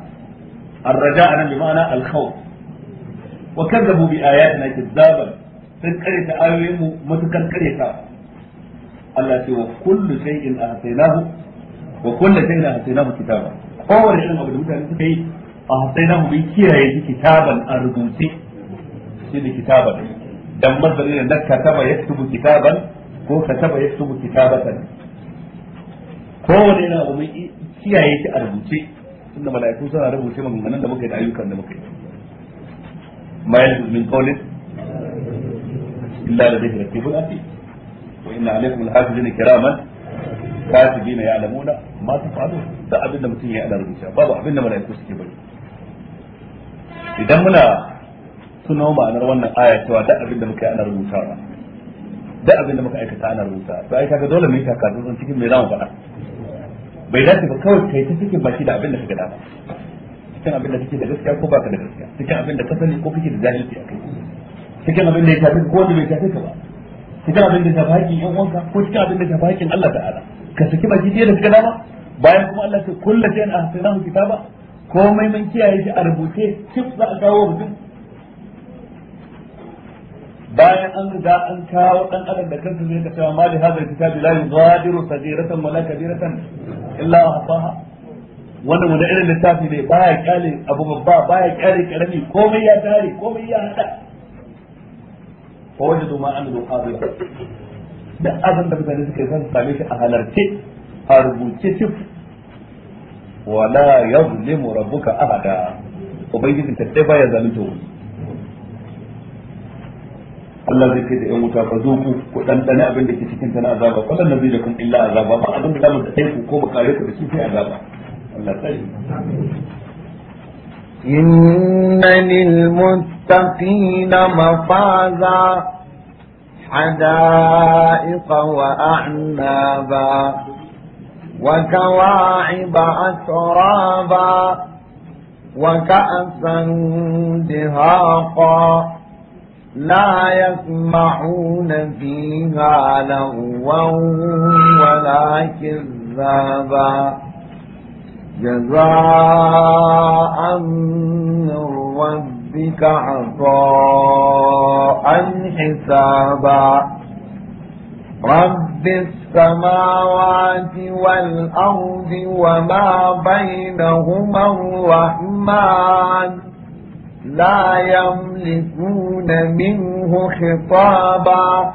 الرجاء انا بمعنى الخوف وكذبوا بآياتنا كذابا تنكرت ايهم متكنكرتا التي وكل شيء أعطيناه وكل شيء أعطيناه كتابا هو الشيء أبو المتعلم سكي أعطيناه بكيرا كتابا أرجوتي سيد كتابا دمت بلين أنك كتب يكتب كتابا هو كتب يكتب ya kowane yana abu mai kiyaye shi a rubuce tunda mala'iku suna rubuce maganganun da muka yi da ayyukan da muka yi ma yalzu min da illa da raqibun ake. wa inna alaykum al-hafizina kiraman katibina ya'lamuna ma tafalun da abin da mutum ya yi a rubuce babu abin da mala'iku suke bari idan muna suna ma'anar wannan aya cewa da abin da muka yi ana rubutawa da abin da muka aikata ana rubuta to ai kaga dole mu yi takardun cikin me zamu faɗa bai dace ba kawai kai ta cikin baki da abin da gada dama cikin abin da kake da gaskiya ko baka da gaskiya cikin abin da ka sani ko kake da jahilci a kai cikin abin da ya shafi ko wanda bai shafi ka ba cikin abin da ya shafi hakkin yan uwanka ko cikin abin da ya shafi hakkin Allah ta'ala ka saki baki da kaga ba bayan kuma Allah ya ce kullu shay'in ahsanahu kitaba komai mun kiyaye shi a rubuce kif za a kawo mutum bayan an riga an kawo dan adam da kansa zai ka cewa mali hadal kitabi la yughadiru sadiratan wala kabiratan illa ahsaha wannan wani irin littafi ne baya kyale abu babba baya kyale karami komai ya tare komai ya hada fa wajadu ma an yuqabila da abin da mutane suka san same shi a halarce a rubuce tif wala yazlimu rabbuka ahada ubangijin ta baya zalunta wani Allah zai kai da yan wuta ba zo ku ku dan dana abin da ke cikin ta na azaba ko lan nabi da kun illa azaba ba abin da zamu da ku ko ba kare ku da shi sai azaba Allah sai إن للمتقين مفازا wa وأعنابا وكواعب أترابا وكأسا دهاقا لا يسمعون فيها لغوا ولا كذابا جزاء من ربك عطاء حسابا رب السماوات والأرض وما بينهما الرحمن لا يملكون منه خطابا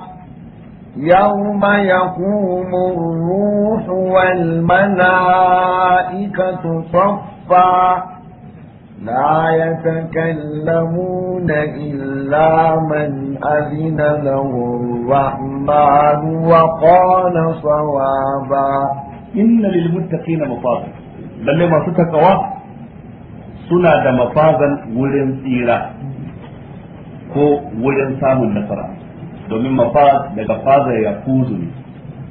يوم يقوم الروح والملائكة صفا لا يتكلمون إلا من أذن له الرحمن وقال صوابا إن للمتقين مفاضل بل ما تتقوى suna da mafazan wurin tsira ko wurin samun nasara domin mafaz daga faza ya kuzu ne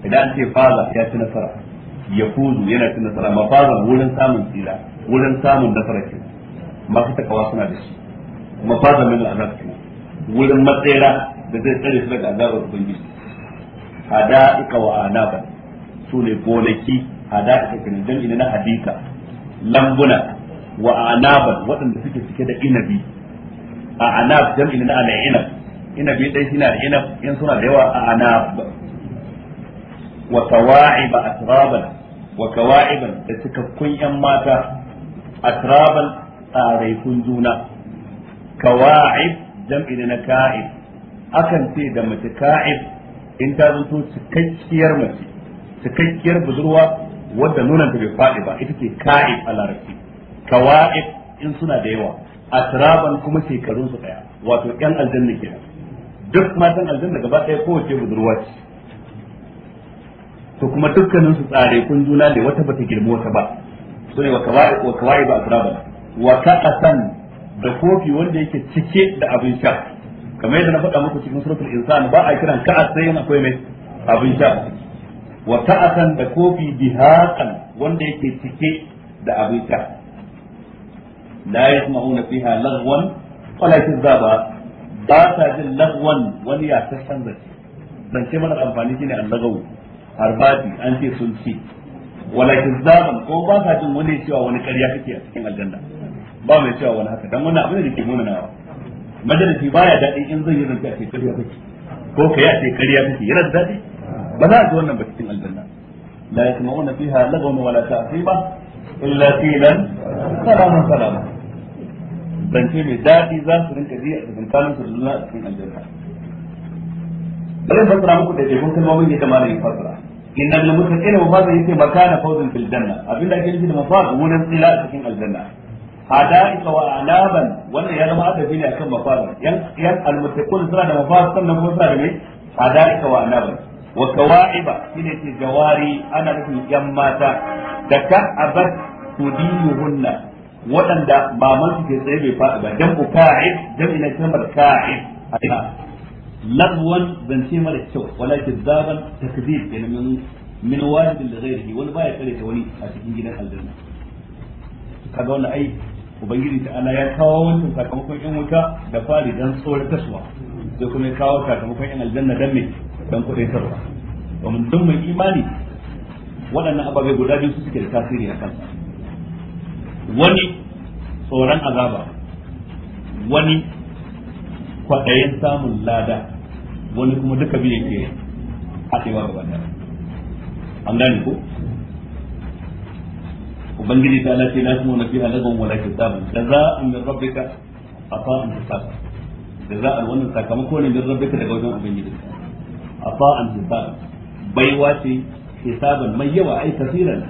idan ce faza ya ci nasara ya kuzu yana ci nasara mafazan wurin samun tsira wurin samun nasara ke masu takawa suna da shi mafazan min al'azab ke wurin matsera da zai tsare su daga azabar ubangiji hada'ika wa anaba su ne gonaki hada'ika kenan dan ina na hadika lambuna wa anaban waɗanda suke cike da inabi a anab jam'i na ala inab inabi dai suna da inab in suna da yawa a anab wa tawa'iba atraban wa kawa'iban da cikakkun yan mata atraban tsaraikun juna kawa'ib jam'i na ka'ib akan ce da mace ka'ib in ta zanto cikakkiyar mace cikakkiyar budurwa wadda nunanta bai faɗi ba ita ce ka'ib a larabci kawa'id in suna da yawa atraban kuma shekarun su daya wato yan aljanna kenan duk matan aljanna gaba daya kowace budurwa ce to kuma dukkanin su tsare kun juna da wata bata girma wata ba ne wa kawa'id wa kawa'id asraban wa ka'atan da kofi wanda yake cike da abin sha kamar yadda na faɗa muku cikin suratul insan ba a kiran ka'at sai yana akwai mai abin sha wa ka'atan da kofi bihaqan wanda yake cike da abin sha la yasma'una fiha lagwan wala kizaba ba ta jin lagwan wani ya tashan zace zance mana amfani shine allagawu arbati an ce sun ci wala kizaban ko ba ta jin wani cewa wani ƙarya kake a cikin aljanna ba mai cewa wani haka dan wannan abin da ke nuna nawa majalisi baya daɗi in zai yi zance a ce ƙarya kake ko kai a ce ƙarya kake yana da ba za wannan ba cikin aljanna zance mai daɗi za su rinka ji a tsakankanin su juna a cikin aljanna bari fasara muku da jefin kalmomin da kamar yin fasara inna lil muttaqina wa fadha yake makana fawzun fil janna abinda ake nufi da mafaz wurin tsila a cikin aljanna hada'ika wa anaban wannan ya zama adabi ne akan mafaz yan yan al suna da mafaz sannan kuma suna da me hada'ika wa anaban wa kawa'iba shine ce jawari ana nufin yan mata da ka'abat tudiyuhunna waɗanda ba man su ke tsaye bai faɗi ba dan ku ka'id dan ina kalmar ka'id lagwan zance mara kyau wala kizzaban takzib kenan min min walidin da ghairihi wani baya kare ta wani a cikin gidan aljanna kaga wannan ai ubangiji ta ala ya kawo wannan sakamakon yan wuta da fari dan tsoron kasuwa sai kuma ya kawo sakamakon yan aljanna dan me dan kudin tarwa domin duk mai imani waɗannan ababe guda biyu suke da tasiri a kansa wani tsoron azaba wani kwaɗayin samun lada wani kuma duka biyu ke haɗewa ga wannan an gane ko ubangiji ta lafi na kuma na fi halagan wala kitabun da za a min ka a fa'an sa da za a wannan sakamako ne min ka daga wajen ubangiji a fa'an hisab baiwa ce hisaban mai yawa ai kasiran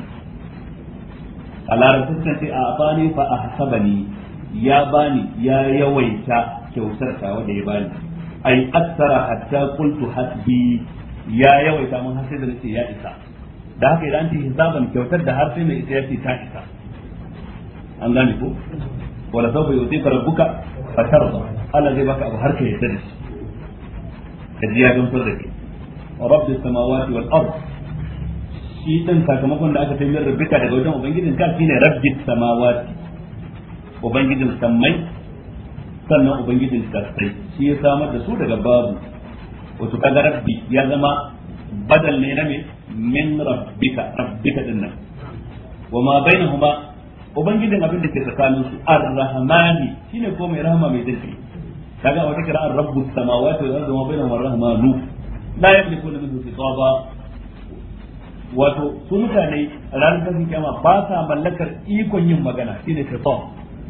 a larabci sukan ce a bani fa a hasabani ya bani ya yawaita kyautar ta wanda ya bani ai aksara hatta qultu hasbi ya yawaita mun har sai da nace ya isa da haka idan ta hisaban kyautar da har sai mai isa ya yace ta isa an gane ko wala fara yutika rabbuka fatarda Allah zai baka abu har ka yarda da shi ya gamsar da kai rabbis samawati wal ardh shi din sakamakon da aka tafiyar rubuta daga wajen ubangijin ka shine rabbit samawati ubangijin sammai sannan ubangijin kasai shi ya samar da su daga babu wato kaga rabbi ya zama badal ne na min rabbika rabbika din nan wa ma bainahuma ubangijin abin da ke tsakanin su arrahmani shine ko mai rahama mai dinki kaga wata kira rabbus samawati wal ma wa arrahmanu ar-rahmanu la yamliku minhu khitaba wato su mutane ranar tashin kiyama ba sa mallakar ikon yin magana shine shaitan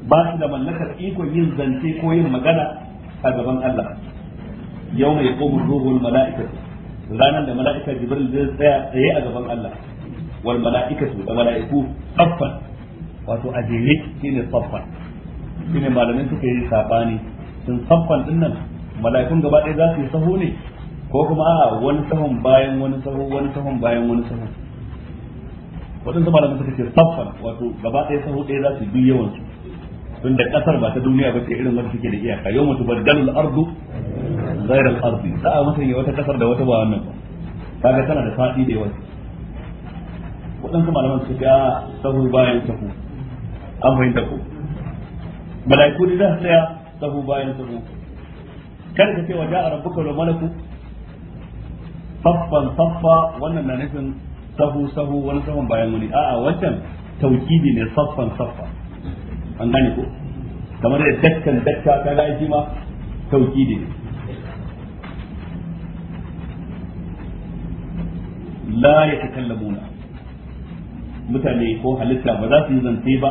ba su da mallakar ikon yin zance ko yin magana a gaban Allah yau mai komu ruhul mala'ika ranar da mala'ika jibril zai tsaya tsaye a gaban Allah wal su da mala'iku saffan wato a jere ne shine saffan ne malamin suka yi sabani sun saffan dinnan mala'ikun gaba ɗaya za su yi saho ne ko kuma a wani sahun bayan wani sahun wani sahun bayan wani sahun waɗansu da suka ce saffan wato gaba ɗaya sahu ɗaya za su bi yawan su tun da ƙasar ba ta duniya ba ce irin wata suke da iyaka yau mutu ba dalil ardu zairar ardu ardi za a yi wata ƙasar da wata ba wannan ba kaga tana da faɗi da yawa waɗansu malaman su ga sahu bayan sahu an fahimta ko malaiku da za su tsaya sahu bayan sahu kada ka ce wa ja'a rabbuka wa malaku saffan saffa wannan na nufin sahu sahu wani saman bayan wani a'a wancan tauhidi ne saffan saffa an gane ko kamar da dakkan dakka ta ga shi ma tauhidi ne la yatakallamuna mutane ko halitta ba za su yi zance ba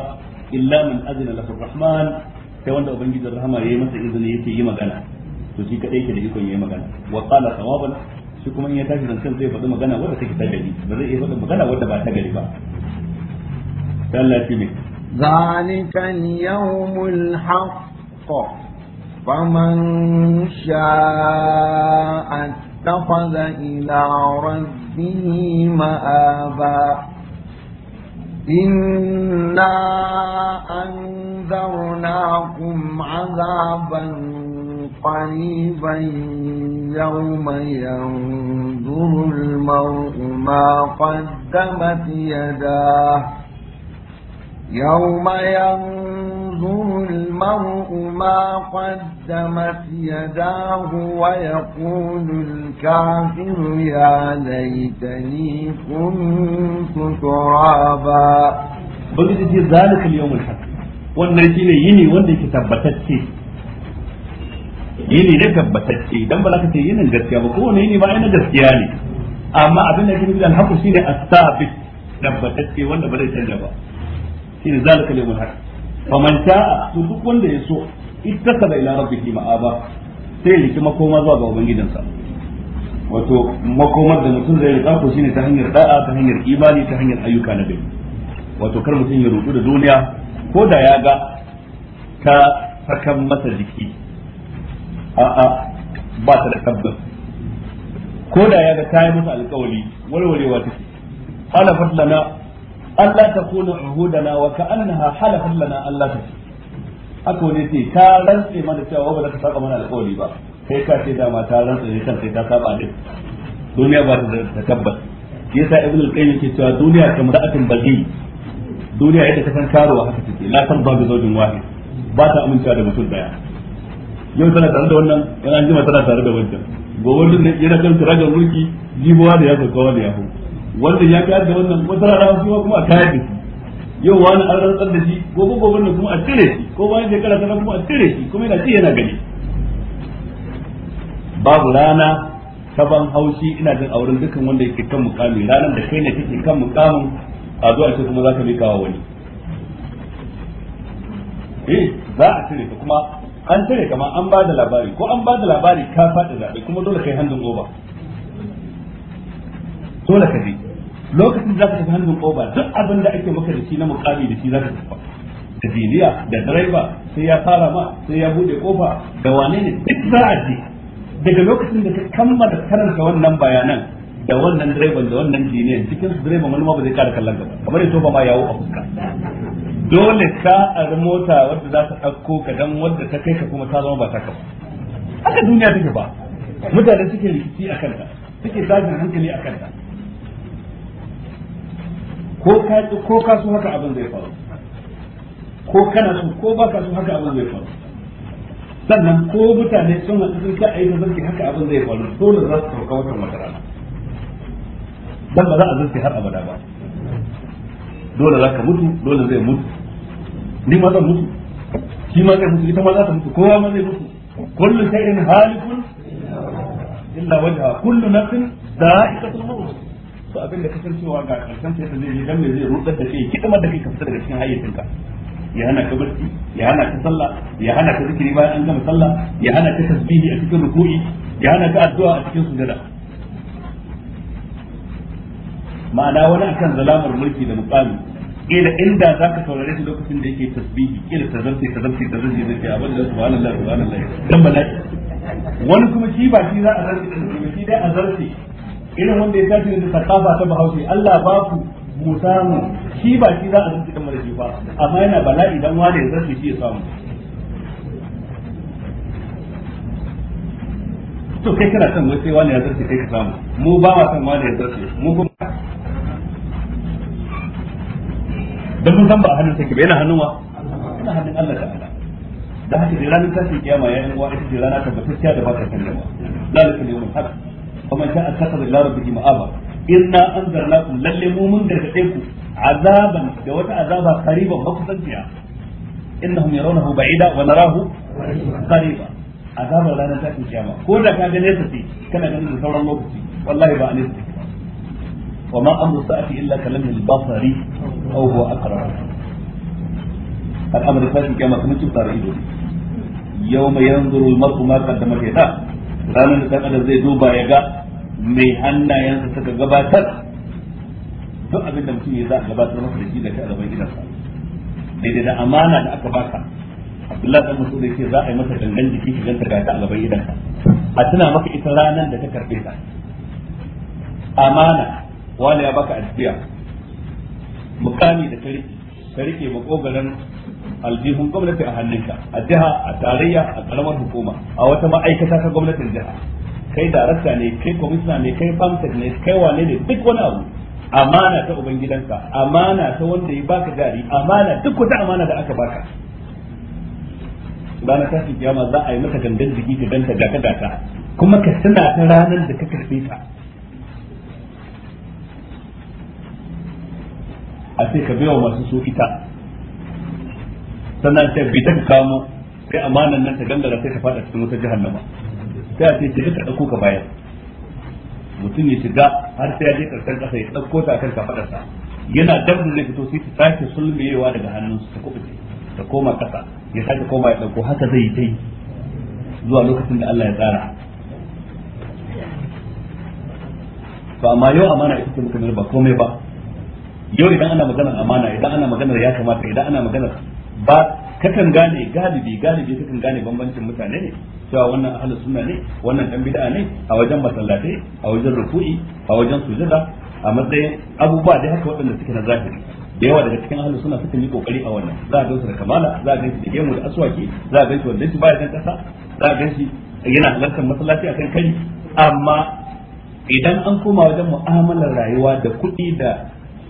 illa min azina lahu rahman sai wanda ubangijin rahama yayi masa izini yake yi magana to shi kadai ke da ikon yayi magana wa qala sawaban shi kuma in ya tashi zancen zai faɗi magana wadda take ta gari ba zai iya faɗi magana wadda ba ta gari ba Allah shi ne ذلك اليوم الحق فمن شاء اتخذ إلى ربه مآبا إنا أنذرناكم عذابا قريبا يوم ينظر المرء ما قدمت يداه يوم ينظر المرء ما قدمت يداه ويقول الكافر يا ليتني كنت ترابا بل ذلك اليوم الحق wannan shine yini wanda yake tabbatacce yini ne tabbatacce dan ba za ka ce yinin gaskiya ba kowane yini ba yana gaskiya ne amma abin da yake nufi alhaqu shine as-sabit tabbatacce wanda ba zai canja ba shine zalika yawmul haq faman sha'a to duk wanda ya so ittasala ila rabbihi ma'aba sai liki makoma zuwa ga ubangijinsa wato makomar da mutum zai rika ko shine ta hanyar da'a ta hanyar imani ta hanyar ayyuka na gari wato kar mutum ya ruɗu da duniya ko da ya ga ta sakan masa jiki a'a ba ta da tabbas ko da ya ga yi musu alkawali warwarewa take halafat lana Allah ta kuna uhudana wa annaha halafat lana Allah ta ce. haka wani ce ta rantse mana cewa ba za ka saba mana alkawali ba sai ka ce dama ta rantse ne kan sai ta saba din duniya ba ta da tabbas yasa ibn al-qayyim ke cewa duniya kamar da'atin bagi duniya ita ta san karuwa haka take la ba bi zaujin wahid ba ta amincewa da mutum daya yau tana tare da wannan yan jima tana tare da wancan gobe duk yana kan turagar mulki jibowa da ya sauka da ya hau wanda ya kayar da wannan wata rana kuma kuma a kayar da shi yau wani an rantsar da shi gobe gobe ne kuma a cire shi ko bayan shekara tana kuma a cire shi kuma yana ci yana gani babu rana ta ban haushi ina jin auren dukkan wanda yake kan mukami ranar da kai ne kake kan mukamin a zuwa ce kuma za ka mika wa wani eh za a cire ta kuma an tare kamar an ba da labari ko an ba da labari ka faɗi zaɓe kuma dole kai hannun goba dole ka je lokacin za ka tafi hannun goba duk abin da ake maka da shi na mukami da shi za ka tafi da jiniya da direba sai ya fara ma sai ya bude kofa da wane ne duk za a je daga lokacin da ka kammala karanta wannan bayanan da wannan direban da wannan jiniyan cikin direban wani ma ba zai kara kallon gaba kamar ya tofa ma yawo a fuska dole ka ari mota wadda za ta ɗauko ka dan wadda ta kai ka kuma ta zama ba ta kama haka duniya take ba mutane suke rikici a kanta suke tashin hankali a kanta ko ka ko ka so haka abin zai faru ko kana so ko ba ka so haka abin zai faru sannan ko mutane sun haɗu sun ka aiki zarki haka abin zai faru dole za su sauka wata rana dan ba za a zarki har abada ba dole za ka mutu dole zai mutu ni ma zan mutu shi ma zai mutu ita ma za ta mutu kowa ma zai mutu kullu shay'in halikun illa wajha kullu nafsin dha'iqatul maut to abin da kasar cewa ga karshen sai zai yi dan me zai rudar da kai kidamar da kai ka fita daga cikin hayyacinka ya hana ka barci ya hana ka sallah ya hana ka zikiri bayan an gama sallah ya hana ka tasbihi a cikin ruku'i ya hana ka addu'a a cikin sujada ma'ana wani akan zalamar mulki da muqami ila inda za ka saurare shi lokacin da yake tasbihi kila ta zarce ta zarce ta zarce zai ce abin da subhanallah subhanallah dan bala'i wani kuma shi ba shi za a zarce da shi dai a zarce irin wanda ya tafi da sakafa ta bahaushe Allah ba ku mu shi ba shi za a zarce dan bala'i ba amma yana bala'i dan wani ya zarce shi ya samu to kai kana son wai sai wani ya zarce kai ka samu mu ba ma son wani ya zarce mu kuma dan mun san ba hannun take ba yana hannun wa ina hannun Allah ta'ala da haka da ranar tashin kiyama ya yi wa ita ce rana tabbatacciya da ba ta canjawa zalika ne mun hada kuma ta akasa da lara bihi ma'aba inna anzarnakum lalle mu mun gargade ku azaban da wata azaba qariban makusanciya innahum yarawnahu ba'ida wa narahu qariba azabar ranar tashin kiyama ko da ka ga nesa ce kana ganin da sauran lokaci wallahi ba a nesa وما أمر الساعة إلا كلمه البصري أو هو أقرب الأمر الثاني كما كنت تريد يوم ينظر المرء ما قدمت يداه ranar da dan zai duba ya ga mai hannayensa suka gabatar duk abin da mutum ya za a gabatar masa da shi da shi a gaban gidansa daidai da amana da aka baka Abdullahi dan Mas'ud yake za a yi masa dangan jiki ki ganta a gaban gidansa a tuna maka ranar da ta wani ya baka mukami da kariki karike makogaran aljihun gwamnati a hannunka a jiha a tarayya a karamar hukuma a wata ma'aikata ta gwamnatin jiha kai darakta ne kai kwamishina ne kai famsek ne kai wane ne duk wani abu amana ta ubangidansa amana ta wanda ya baka jari amana duk wata amana da aka baka ranar tashin kiyama za a yi mata gandan jiki ka danta daka daka kuma ka tana ta ranar da ka karfe ta a sai ka baiwa masu su fita sannan sai bi ta kamo sai amanan nan ta gangara sai ta fada cikin wata jahannama sai a ce ta ka dauko ka bayar mutum ya shiga har sai ya je karkar kasa ya dauko ta kan sa yana dabda ne fito sai ta sake sulmiyewa daga su ta kubuce ta koma kasa ya sake koma ya dauko haka zai yi zuwa lokacin da Allah ya tsara to amma yau amana ita ce muka ba komai ba yau idan ana maganar amana idan ana maganar ya kamata idan ana maganar ba kakan gane galibi galibi kakan gane bambancin mutane ne cewa wannan ahlus sunna ne wannan dan bid'a ne a wajen masallatai a wajen rufu'i a wajen sujada a matsayin abubuwa dai haka waɗanda suke na zahiri da yawa daga cikin ahlus sunna suka yi kokari a wannan za a gansu da kamala za a gansu da gemu da aswaki za a gansu wanda shi baya kan kasa za a gansu yana halartar masallaci akan kai amma idan an koma wajen mu'amalar rayuwa da kuɗi da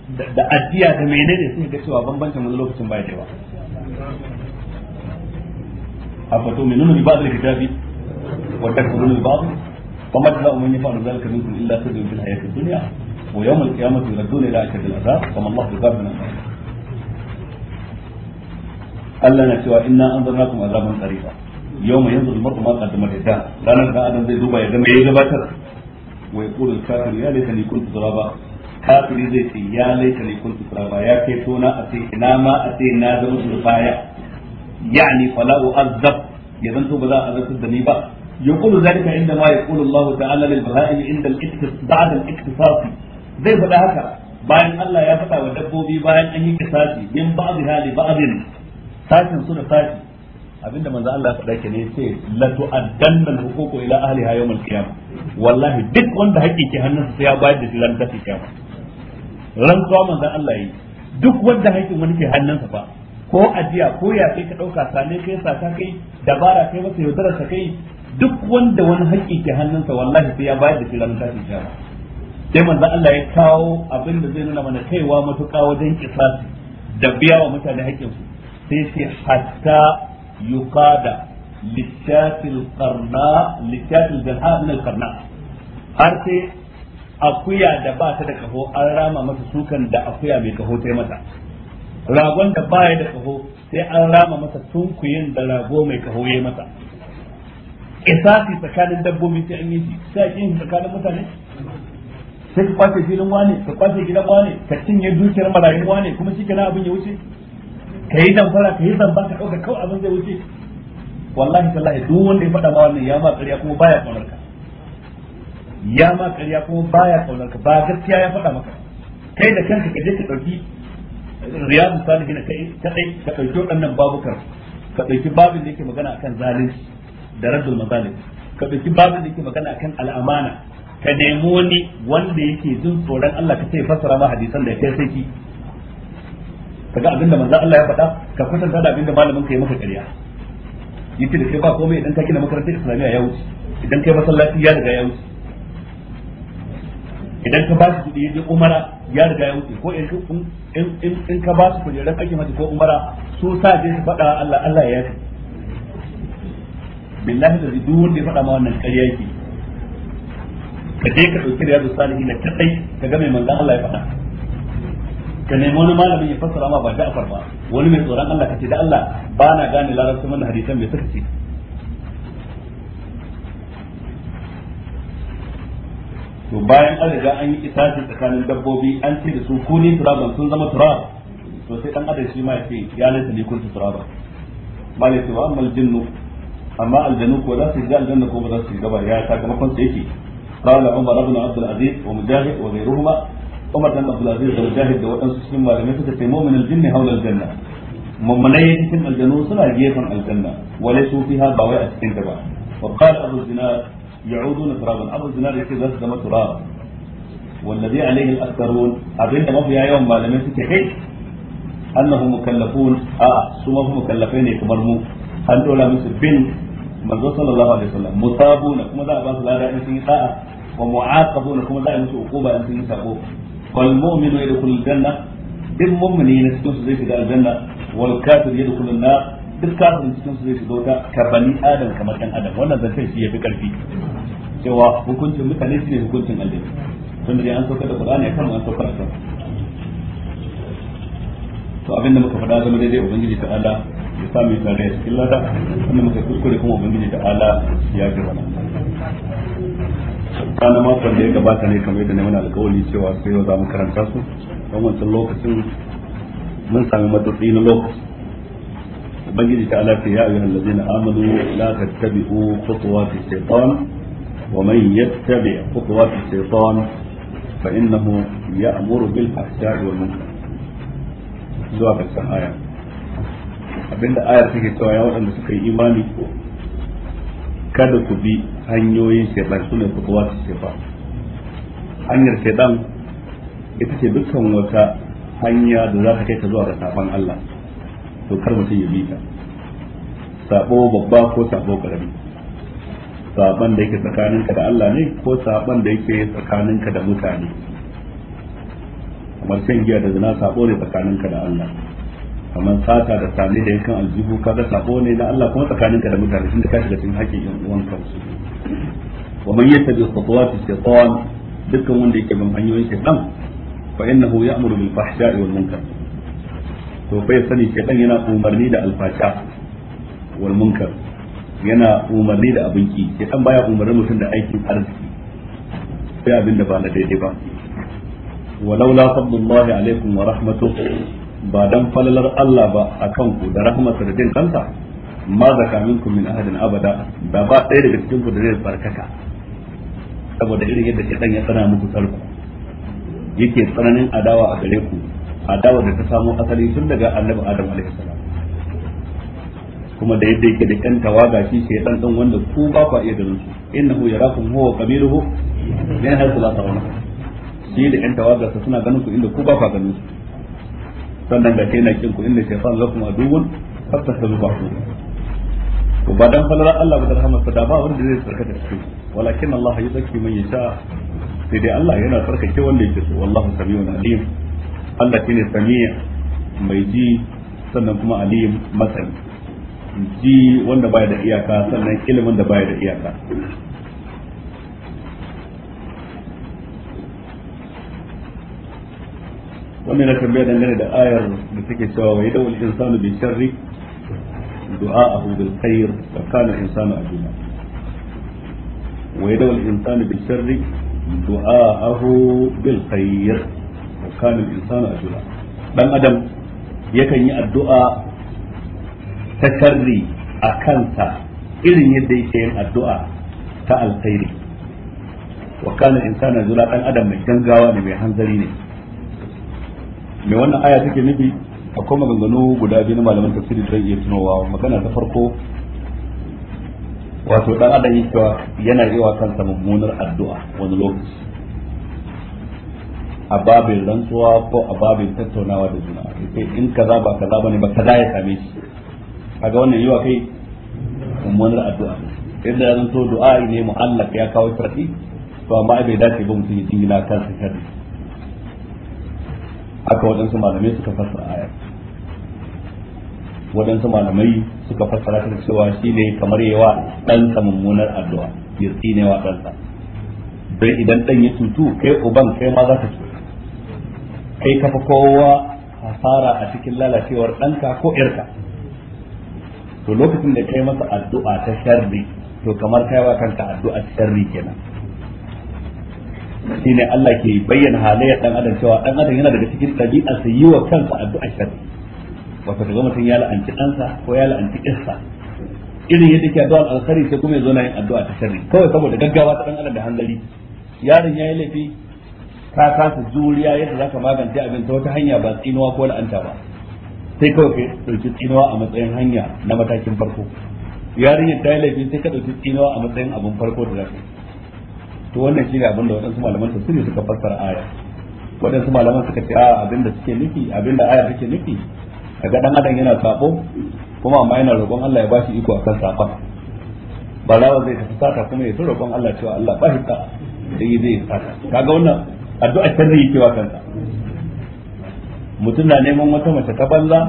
da addiya da menene ga cewa bambancin wani lokacin baya da yawa afato min nuna ba'd al-kitabi wa takfuruna ba'd fama tala minkum illa fil hayati dunya wa yawm al-qiyamati yuradduna ila ashad al-azab kama Allah ghafirun Allah na cewa inna anzarnakum azaban qariba yawma yanzuru al-mar'u ma qaddamat yadahu ranar da adam zai duba ya ga me ya gabatar wa yaqulu al-kafiru ya laitani kuntu turaba kafiri zai ce ya laita ne kuntu turaba ya kai tona a ce ina ma a ce na zama turbaya yani fala u'azzab ya zanto ba za a azabtar da ni ba يقول ذلك عندما يقول الله تعالى للبهائم عند بعد الاقتصاص zai faɗa haka bayan Allah ya faɗa wa dabbobi bayan an yi kisasi min ba'dhi hali ba'dhin sakin su da saki abinda manzo Allah ya faɗa kenan yace la tu'addanna al-huququ ila ahliha yawm al-qiyamah wallahi duk wanda hakiki ke hannunsa sai ya bayar da shi ran kiyama rantsuwa manzon Allah yi duk wanda haƙin wani ke hannunsa fa ko ajiya ko ya kai ka ɗauka sane kai saka kai dabara kai masa yaudarar ta kai duk wanda wani haƙi ke hannunsa wallahi sai ya bayar da shi ranar tashin kiyama sai manzon Allah ya kawo abin da zai nuna mana kaiwa matuƙa wajen kisasi da biya wa mutane haƙƙinsu sai ce hatta yuqada lishatil qarna lishatil jahan qarna har sai akuya da ba ta da kaho an rama masa sukan da akuya mai kaho ta mata ragon da ba ya da kaho sai an rama masa tunkuyin da rago mai kaho ya mata isasi tsakanin dabbobi sai an yi shi sai a tsakanin mutane sai ka kwace filin wane ka kwace gidan wane ka cinye dukiyar marayun wane kuma shi kana abin ya wuce ka yi damfara ka yi zamba ka ɗauka kawai abin zai wuce wallahi tallahi duk wanda ya faɗa ma wannan ya ma ƙarya kuma baya ya ka ya ma ƙarya kuma baya kaunar ka ba gaskiya ya faɗa maka kai da kanka ka je ka ɗauki riyadu salihin kai kadai ka ɗauki waɗannan babukan ka ɗauki babin da yake magana akan zalunci da raddul mazalim ka ɗauki babin da yake magana akan al'amana ka nemi wani wanda yake jin tsoron Allah ka sai fassara ma hadisan da kai saki kaga abinda manzo Allah ya faɗa ka kwatanta da abinda malamin ka ya maka ƙarya yace da kai ba komai idan ka kina makarantar islamiyya ya wuce idan kai masallaci ya riga ya wuce idan ka ba su kuɗi yaje umara ya riga ya wuce ko in ka ba su kujeran aikin hajji ko umara su sa je su faɗa Allah Allah ya yafi billahi da duk wanda ya faɗa ma wannan ƙarya ke ka je ka ɗauki riyadu salihin na kaɗai ka ga mai manzan Allah ya faɗa ka nemi wani malamin ya fassara ma ba Ja'far ba wani mai tsoron Allah ka ce da Allah ba na gane larabcin wannan hadisan mai suka ce to bayan an riga an yi itace tsakanin dabbobi an ce da su kuni turaban sun zama turaba to sai dan adam shi ma ce ya lanta ne kun turaba ba ne cewa amma aljinnu amma aljannu ko za su ji aljanna ko ba za su ji gaba ya sakamakon sa yake قال عمر بن عبد العزيز umar وغيرهما عمر بن عبد العزيز ومجاهد ده وان سكين malamai suka ce mu'min aljinni haula aljanna mummalai cikin aljanu suna gefen aljanna wale su fiha ba wai a cikin ta ba وقال ابو الزناد يعودون ترابا أبو الزناد يكي ذات زمان ترابا والذي عليه الأكثرون أبين ما في يوم ما لم يستحي أنهم مكلفون آه سوى هم مكلفين يكبرمو أن دولا مثل بن manzo sallallahu alaihi wasallam musabuna kuma za a ba su lada in sun yi sa'a wa mu'aqabuna kuma za a musu uquba in sun yi sabo wal mu'minu yadkhulul duk kafirin cikin su zai shiga ta ka bani adam kamar dan adam wannan zancen shi ya fi karfi cewa hukuncin mutane shi ne hukuncin aljanna tun da an saukar da qur'ani kan an saukar da to abinda muka faɗa zama daidai ubangiji ta ala ya sa mu tare cikin lada kuma muka kuskure kuma ubangiji ta ala ya ji wannan kana makon da ya gabata ne kamar yadda na wani alkawari cewa sai yau za mu karanta su don wancan lokacin mun sami matsatsi na lokaci ubangiji ta alaƙa ya ayyuhal ladina amanu la tattabi'u khutuwati shaytan wa man yattabi' khutuwati shaytan fa innahu ya'muru bil fahsha'i wal munkar zuwa karshen aya abinda ayar take cewa ya waɗanda suka yi imani kada ku bi hanyoyin shaytan sune khutuwati shaytan hanyar shaytan ita ce dukkan wata hanya da za ta kai ta zuwa ga safan Allah to kar mutum ya bi ta sabo babba ko sabo karami saban da yake tsakaninka da Allah ne ko saban da yake tsakaninka da mutane kamar shan giya da zina sabo ne tsakaninka da Allah kamar sata da sani da yankan aljihu kaga sabo ne na Allah kuma tsakaninka da mutane tunda ka shiga cikin haƙƙin yan uwanka su wa man yattabi khutuwati shaytan dukkan wanda yake bin hanyoyin shaytan fa innahu ya'muru bil fahsha'i wal munkar to bai sani dan yana umarni da alfasha wal munkar yana umarni da abin ki dan baya umarni mutum da aikin arziki sai abin da ba na daidai ba walaula fadlullahi alaikum wa rahmatuhu ba dan falalar Allah ba akan ku da rahmatar jin kanta ma zaka minkum min ahadin abada da ba ɗaya daga cikin ku da zai barkaka saboda irin yadda dan ya tsana muku tsarku yake tsananin adawa a gare ku adawa da ta samo asali tun daga annabi adam alaihi salam kuma da yadda yake da kan tawaga shi ke dan dan wanda ku ba ku iya ganin su innahu yarakum huwa qabiluhu min haythu kula tarawna shi da kan tawaga sa suna ganin ku inda ku ba ku ganin su sannan da kaina na kin ku inda shaytan lakum aduwwun fattakhudhu ba'du ko ba dan falar Allah ba da rahmarsa da ba wanda zai da shi walakin Allah yuzakki man yasha sai dai Allah yana tsarkake wanda yake so wallahu samiyun alim Allah ne sami mai ji sannan kuma alim masani ji wanda baya da iyaka sannan ilimin da baya da iyaka wannan na tambaya dangane da ayar da take cewa wa yadawul insanu bi sharri du'a'ahu bil khair wa kana insanu ajula wa yadawul insanu bi sharri du'a'ahu bil khair kana insana ajula dan adam yakan yi addu'a ta sharri a kansa irin yadda yake yin addu'a ta alkhairi wa kana insana ajula dan adam mai gangawa ne mai hanzari ne mai wannan aya take nufi akwai maganganu guda biyu na malaman tafsiri da iya tunowa magana ta farko wato dan adam yake yana yi wa kansa mummunar addu'a wani lokaci a babin rantsuwa ko a babin tattaunawa da juna sai in kaza ba kaza bane ba kaza ya same shi kaga wannan yiwa kai mummunar addu'a inda ya zanto du'a ne mu'allaf ya kawo sarki to amma bai dace ba mutum ya jingina kansa kadi haka waɗansu malamai suka fassara aya waɗansu malamai suka fassara ta cewa ne kamar yawa ɗansa mummunar addu'a ya wa ɗansa bai idan ɗan ya tutu kai uban kai ma za ka tutu kai kafa kowa hasara a cikin lalacewar ɗanka ko irka to lokacin da kai masa addu'a ta sharri to kamar kai wa kanka addu'a ta sharri kenan ne Allah ke bayyana halayyar dan adam cewa dan adam yana daga cikin ɗabi'a su yi wa kansa addu'a sharri wato ga mutum ya la'anci ɗansa ko ya la'anci ƙirsa irin yadda ke addu'a alkhari sai kuma ya zo na yin addu'a ta sharri kawai saboda gaggawa ta dan adam da hankali Yarin ya yi laifi ka kasa juriya yadda za ka magance abin ta wata hanya ba tsinuwa ko la'anta ba sai kawai ka ɗauki tsinuwa a matsayin hanya na matakin farko yarinyar ta yi laifin sai ka ɗauki tsinuwa a matsayin abin farko da zaka to wannan ne abin da waɗansu malaman ne suka fassara aya waɗansu malaman suka ce a abin da suke nufi abin da aya take nufi ga ɗan adam yana sabo kuma amma yana roƙon Allah ya bashi iko a akan ba za zai tafi sata kuma ya ta roƙon Allah cewa Allah bashi ta da yi zai sata kaga wannan addu'a ta yake wasan kansa mutum na neman wata mace ta banza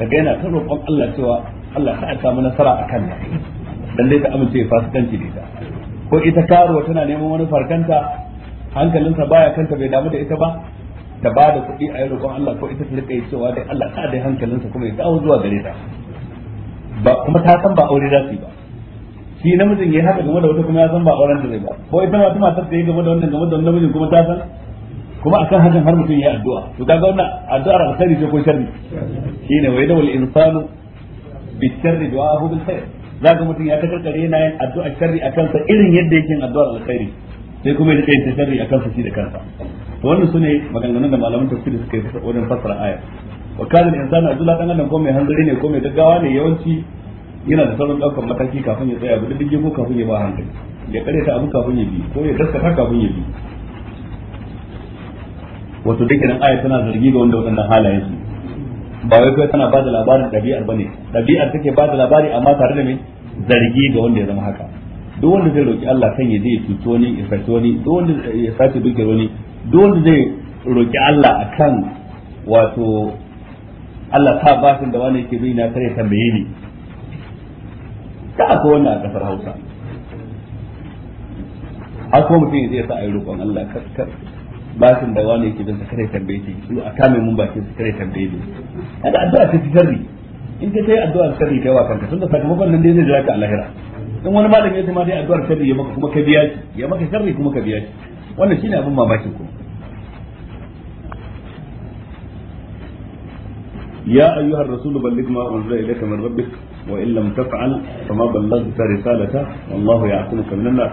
ka ga yana ta roƙon Allah cewa Allah ka aka mana nasara a ta dan dai ta amince ya fasikanci da ita ko ita karuwa tana neman wani farkanta hankalinsa baya kanta bai damu da ita ba ta ba da kuɗi a yi roƙon Allah ko ita ta rika cewa dai Allah ka dai hankalinsa kuma ya dawo zuwa gare ta ba kuma ta san ba aure za su yi ba shi namijin ya haka game da wata kuma ya san ba auren da zai ba ko ita ma tana tsatsaye game da wannan game da wannan namijin kuma ta san kuma akan hakan har mutum ya addu'a to kaga wannan addu'ar alkhairi ce ko sharri shine wa yadawul insanu bi sharri du'ahu bil khair zaka mutum ya takarkare yana yin addu'a sharri akan sa irin yadda yake yin addu'ar alkhairi sai kuma ya rika yin sharri akan sa shi da kansa to wannan sune maganganun da malaman tafsiri suka yi wajen fassara aya wa kana al-insanu ajula dan adam ko mai hanzari ne ko mai gaggawa ne yawanci yana da sauran ɗaukar mataki kafin ya tsaya da diddige ko kafin ya ba hankali ya kare ta abu kafin ya bi ko ya ta kafin ya bi wato duk idan aya tana zargi ga wanda waɗannan halayen su ba wai kai tana bada labarin dabi'ar bane dabi'ar take bada labari amma tare da me zargi ga wanda ya zama haka duk wanda zai roki Allah kan ya je ya cuto wani ya sace wani duk wanda ya sace dukiyar ni duk wanda zai roki Allah akan wato Allah ta bashin da wani yake bi na kare meye ni da aka wannan a kasar hausa a kuma mutum zai sa a yi roƙon Allah kaskar bashin da wani yake bin sakare tambaye shi su a kame mun bakin sakare tambaye ne kada addu'a ta sirri in ka sai addu'a sirri kai wa kanka tunda sakamakon nan dai zai jira ka a lahira in wani malami ya ce ma dai addu'ar sirri ya maka kuma ka biya shi ya maka sirri kuma ka biya shi wannan shine abin mamakin kuma يا أيها الرسول بلغ ما أنزل إليك من ربك وإن لم تفعل فما بلغت رسالته والله يعصمك من الناس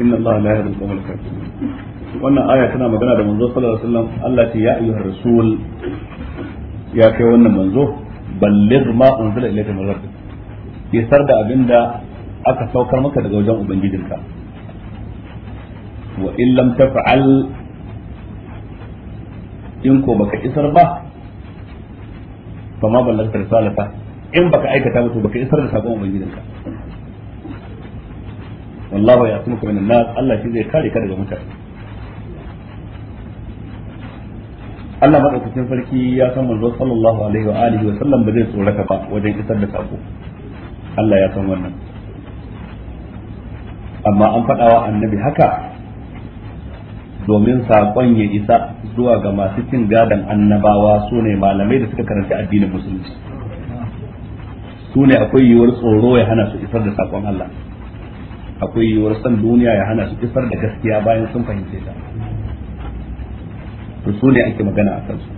إن الله لا يهدي القوم الكافرين magana da manzo sallallahu alaihi da abinda aka saukar maka daga wajen wa in ko baka isar ba fa ma ballagta risalata in baka aikata ba to baka isar da sakon ka wallahi ya kuma kuma na, Allah shi zai kare ka daga mutane Allah madaukakin farki ya san manzo sallallahu alaihi wa alihi wa sallam ba zai tsorata ba wajen isar da sako Allah ya san wannan amma an fadawa annabi haka domin saƙon ya isa zuwa ga masu cin gadon annabawa su ne malamai da suka karanta addinin musulunci su ne akwai yiwuwar tsoro ya hana su isar da saƙon Allah akwai yiwuwar san duniya ya hana su isar da gaskiya bayan sun fahimce ta to su ne ake magana a kansu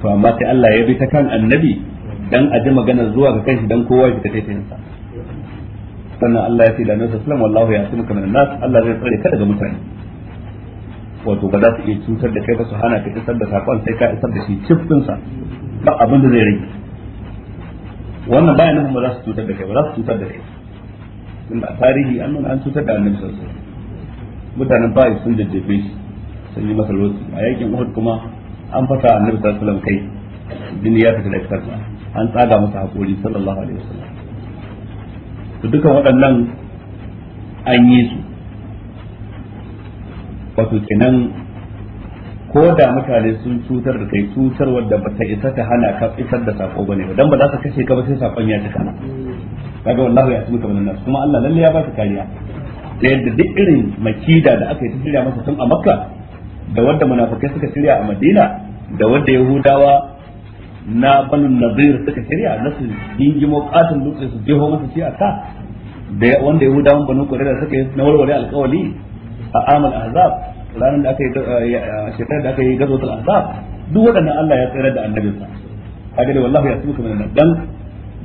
to amma sai Allah ya bi ta kan annabi dan a ji magana zuwa ga kanshi dan kowa ya fita taitayinsa sannan Allah ya ce da Annabi sallallahu wallahu ya asimuka minan nas Allah zai tsare ka daga mutane wato ba za su iya cutar da kai ba su hana ka isar da sakon sai ka isar da shi sa ba abin da zai rage wannan bayan nan ba za su cutar da kai ba za su cutar da kai tunda a tarihi an nuna an cutar da Annabi sallallahu alaihi wasallam mutanen bai sun jajjefe shi sun yi masa lokaci a yakin Uhud kuma an fata Annabi sallallahu alaihi wasallam kai jini ya fita da fitarsa an tsaga masa hakuri sallallahu alaihi wasallam to dukan waɗannan an yi su wato kenan ko da mutane sun cutar da kai cutar wadda ba ta isa ta hana ka isar da sako bane ba dan ba za ka kashe ka ba sai sakon ya cika kaga wallahi ya tsumuka wannan nasu kuma Allah lalle ya baka kariya da yadda duk irin makida da aka yi ta shirya masa tun a Makka da wadda munafikai suka shirya a Madina da wadda Yahudawa na banin nazir suka shirya na su gingimo katin dutse su jeho masa shi a ka da wanda ya hudawan banu da suka yi na warware alkawali a amal azab ranar da aka yi shekarar da aka yi gazo azab duk waɗannan Allah ya tsira da annabinsa a da wallahi ya tsuka mana dan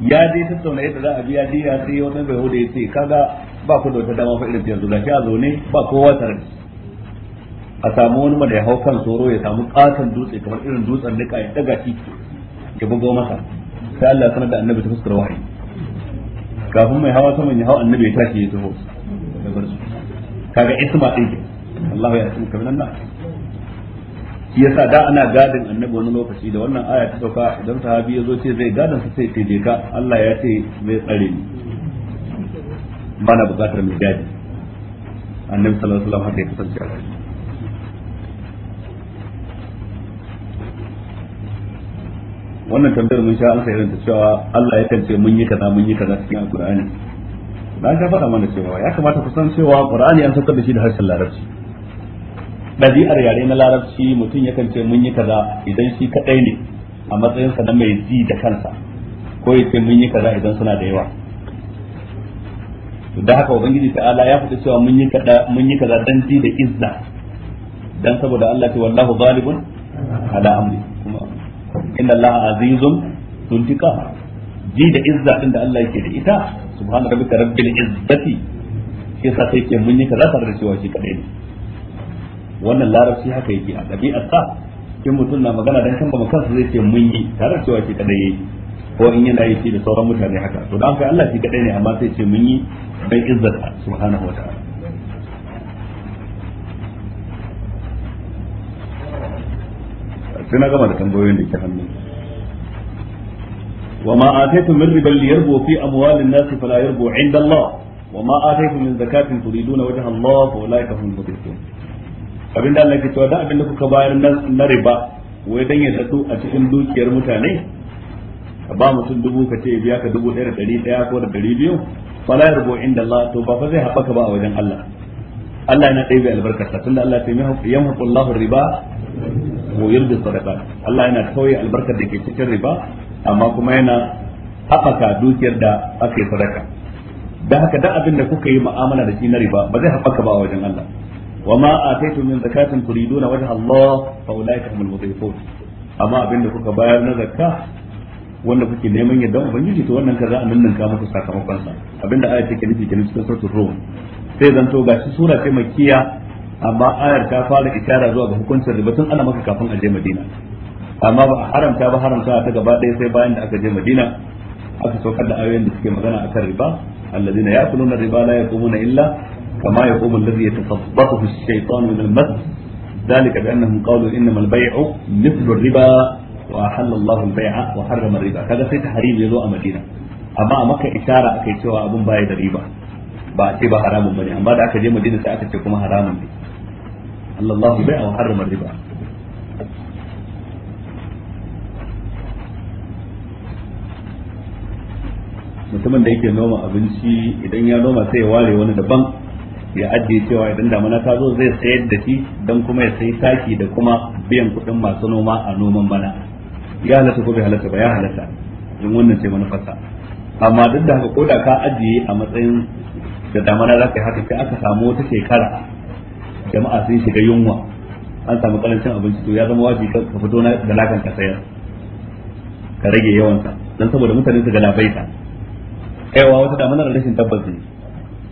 ya ta tsauna yadda za a biya diya sai wannan bai hude yace kaga ba ku da wata dama fa irin yanzu gashi a zaune ba kowa tare a samu wani mai ya hau kan tsoro ya samu katon dutse kamar irin dutsen nika ya daga shi ya bugo masa sai Allah sanar da annabi ta fuskar wahayi kafin mai hawa saman ya hawa annabi ya tashi ya taho da bar kaga isma din Allah ya tsare kamar nan shi yasa da ana gadin annabi wani lokaci da wannan aya ta sauka idan sahabi ya zo ce zai gadin sa sai sai ka Allah ya ce zai tsare ni bana bukatar mai gadi annabi sallallahu alaihi wasallam haka ya kasance a wannan tambayar mun sha alsa irin ta cewa Allah ya kance mun yi kaza mun yi kaza cikin alqur'ani na ka faɗa mana cewa ya kamata ku san cewa qur'ani an saukar da shi da harshen larabci ɗabi'ar yare na larabci mutum ya kance mun yi kaza idan shi kadai ne a matsayinsa na mai ji da kansa ko ya ce mun yi kaza idan suna da yawa da haka ubangiji ta'ala ya faɗi cewa mun yi kaza mun yi kaza dan ji da izza dan saboda Allah ce wallahu zalibun ala amri inna allaha azizun duntika ji da izza din da Allah yake da ita subhana rabbika rabbil izzati shi yasa sai ke mun yi kaza tare da cewa shi kadai ne wannan larabci haka yake a dabi'ar sa in mutum na magana dan kan kansa zai ce mun yi tare da cewa ko in yana yi shi da sauran mutane haka to an kai Allah shi kadai ne amma sai ce mun yi bai izzata subhanahu wa ta'ala sai na gama da tambayoyin da ke hannu وما آتيتم من ربا ليربو في أموال الناس فلا يربو عند الله وما آتيتم من زكاة تريدون وجه الله فأولئك هم المضيفون abinda Allah ke cewa da abin da kuka bayar na riba wai dan ya zato a cikin dukiyar mutane ka ba mutum dubu ka ce biya ka dubu ɗaya da ɗari ɗaya ko da biyu inda to ba fa zai haɓaka ba a wajen Allah Allah yana ɗaya bai albarkarsa tunda Allah ta yi yamhaqu Allahu riba wa yurdi sadaqat Allah yana kauye albarkar da ke cikin riba amma kuma yana haɓaka dukiyar da aka yi sadaka da haka da abin da kuka yi mu'amala da shi na riba ba zai haɓaka ba a wajen Allah wa ma ataitu min zakatin turiduna wajha Allah fa ulaika humul mudhifun amma abin da kuka bayar na zakka wanda kuke neman yadda ubangiji to wannan ka za nan ka muku sakamakon sa abinda aya take nufi kenan cikin suratul rum sai zanto shi sura ce makkiya amma ayar ta fara ishara zuwa ga hukuncin riba tun ana maka kafin a je madina amma ba a haramta ba haramta ta gaba ɗaya sai bayan da aka je madina aka saukar da ayoyin da suke magana akan riba alladina yakuluna riba la yaqumuna illa kama yaqumu alladhi yatasabbathu ash-shaytanu min al-mas ذلك بأنهم قالوا إنما البيع مثل الربا وأحل الله البيع وحرم الربا هذا في تحريم يزوء مدينة أما مكة إشارة أكيد سوى أبو بايد الربا ba a ce ba haramun bane amma da aka je madina sai aka ce kuma haramun ne Allah bai a harrama riba mutumin da yake noma abinci idan ya noma sai ya ware wani daban ya ajiye cewa idan damana ta zo zai sayar da shi don kuma ya sayi taki da kuma biyan kuɗin masu noma a noman bana ya halatta ko bai halatta ba ya halatta don wannan ce manufarsa amma duk da haka ko ka ajiye a matsayin da dama na ka yi haka sai aka samu wata shekara jama'a sun shiga yunwa an samu karancin abinci to ya zama wajibi ka fito na da lakan ka sayar ka rage yawansa dan saboda mutane su ga labaita aiwa wata na rashin tabbas ne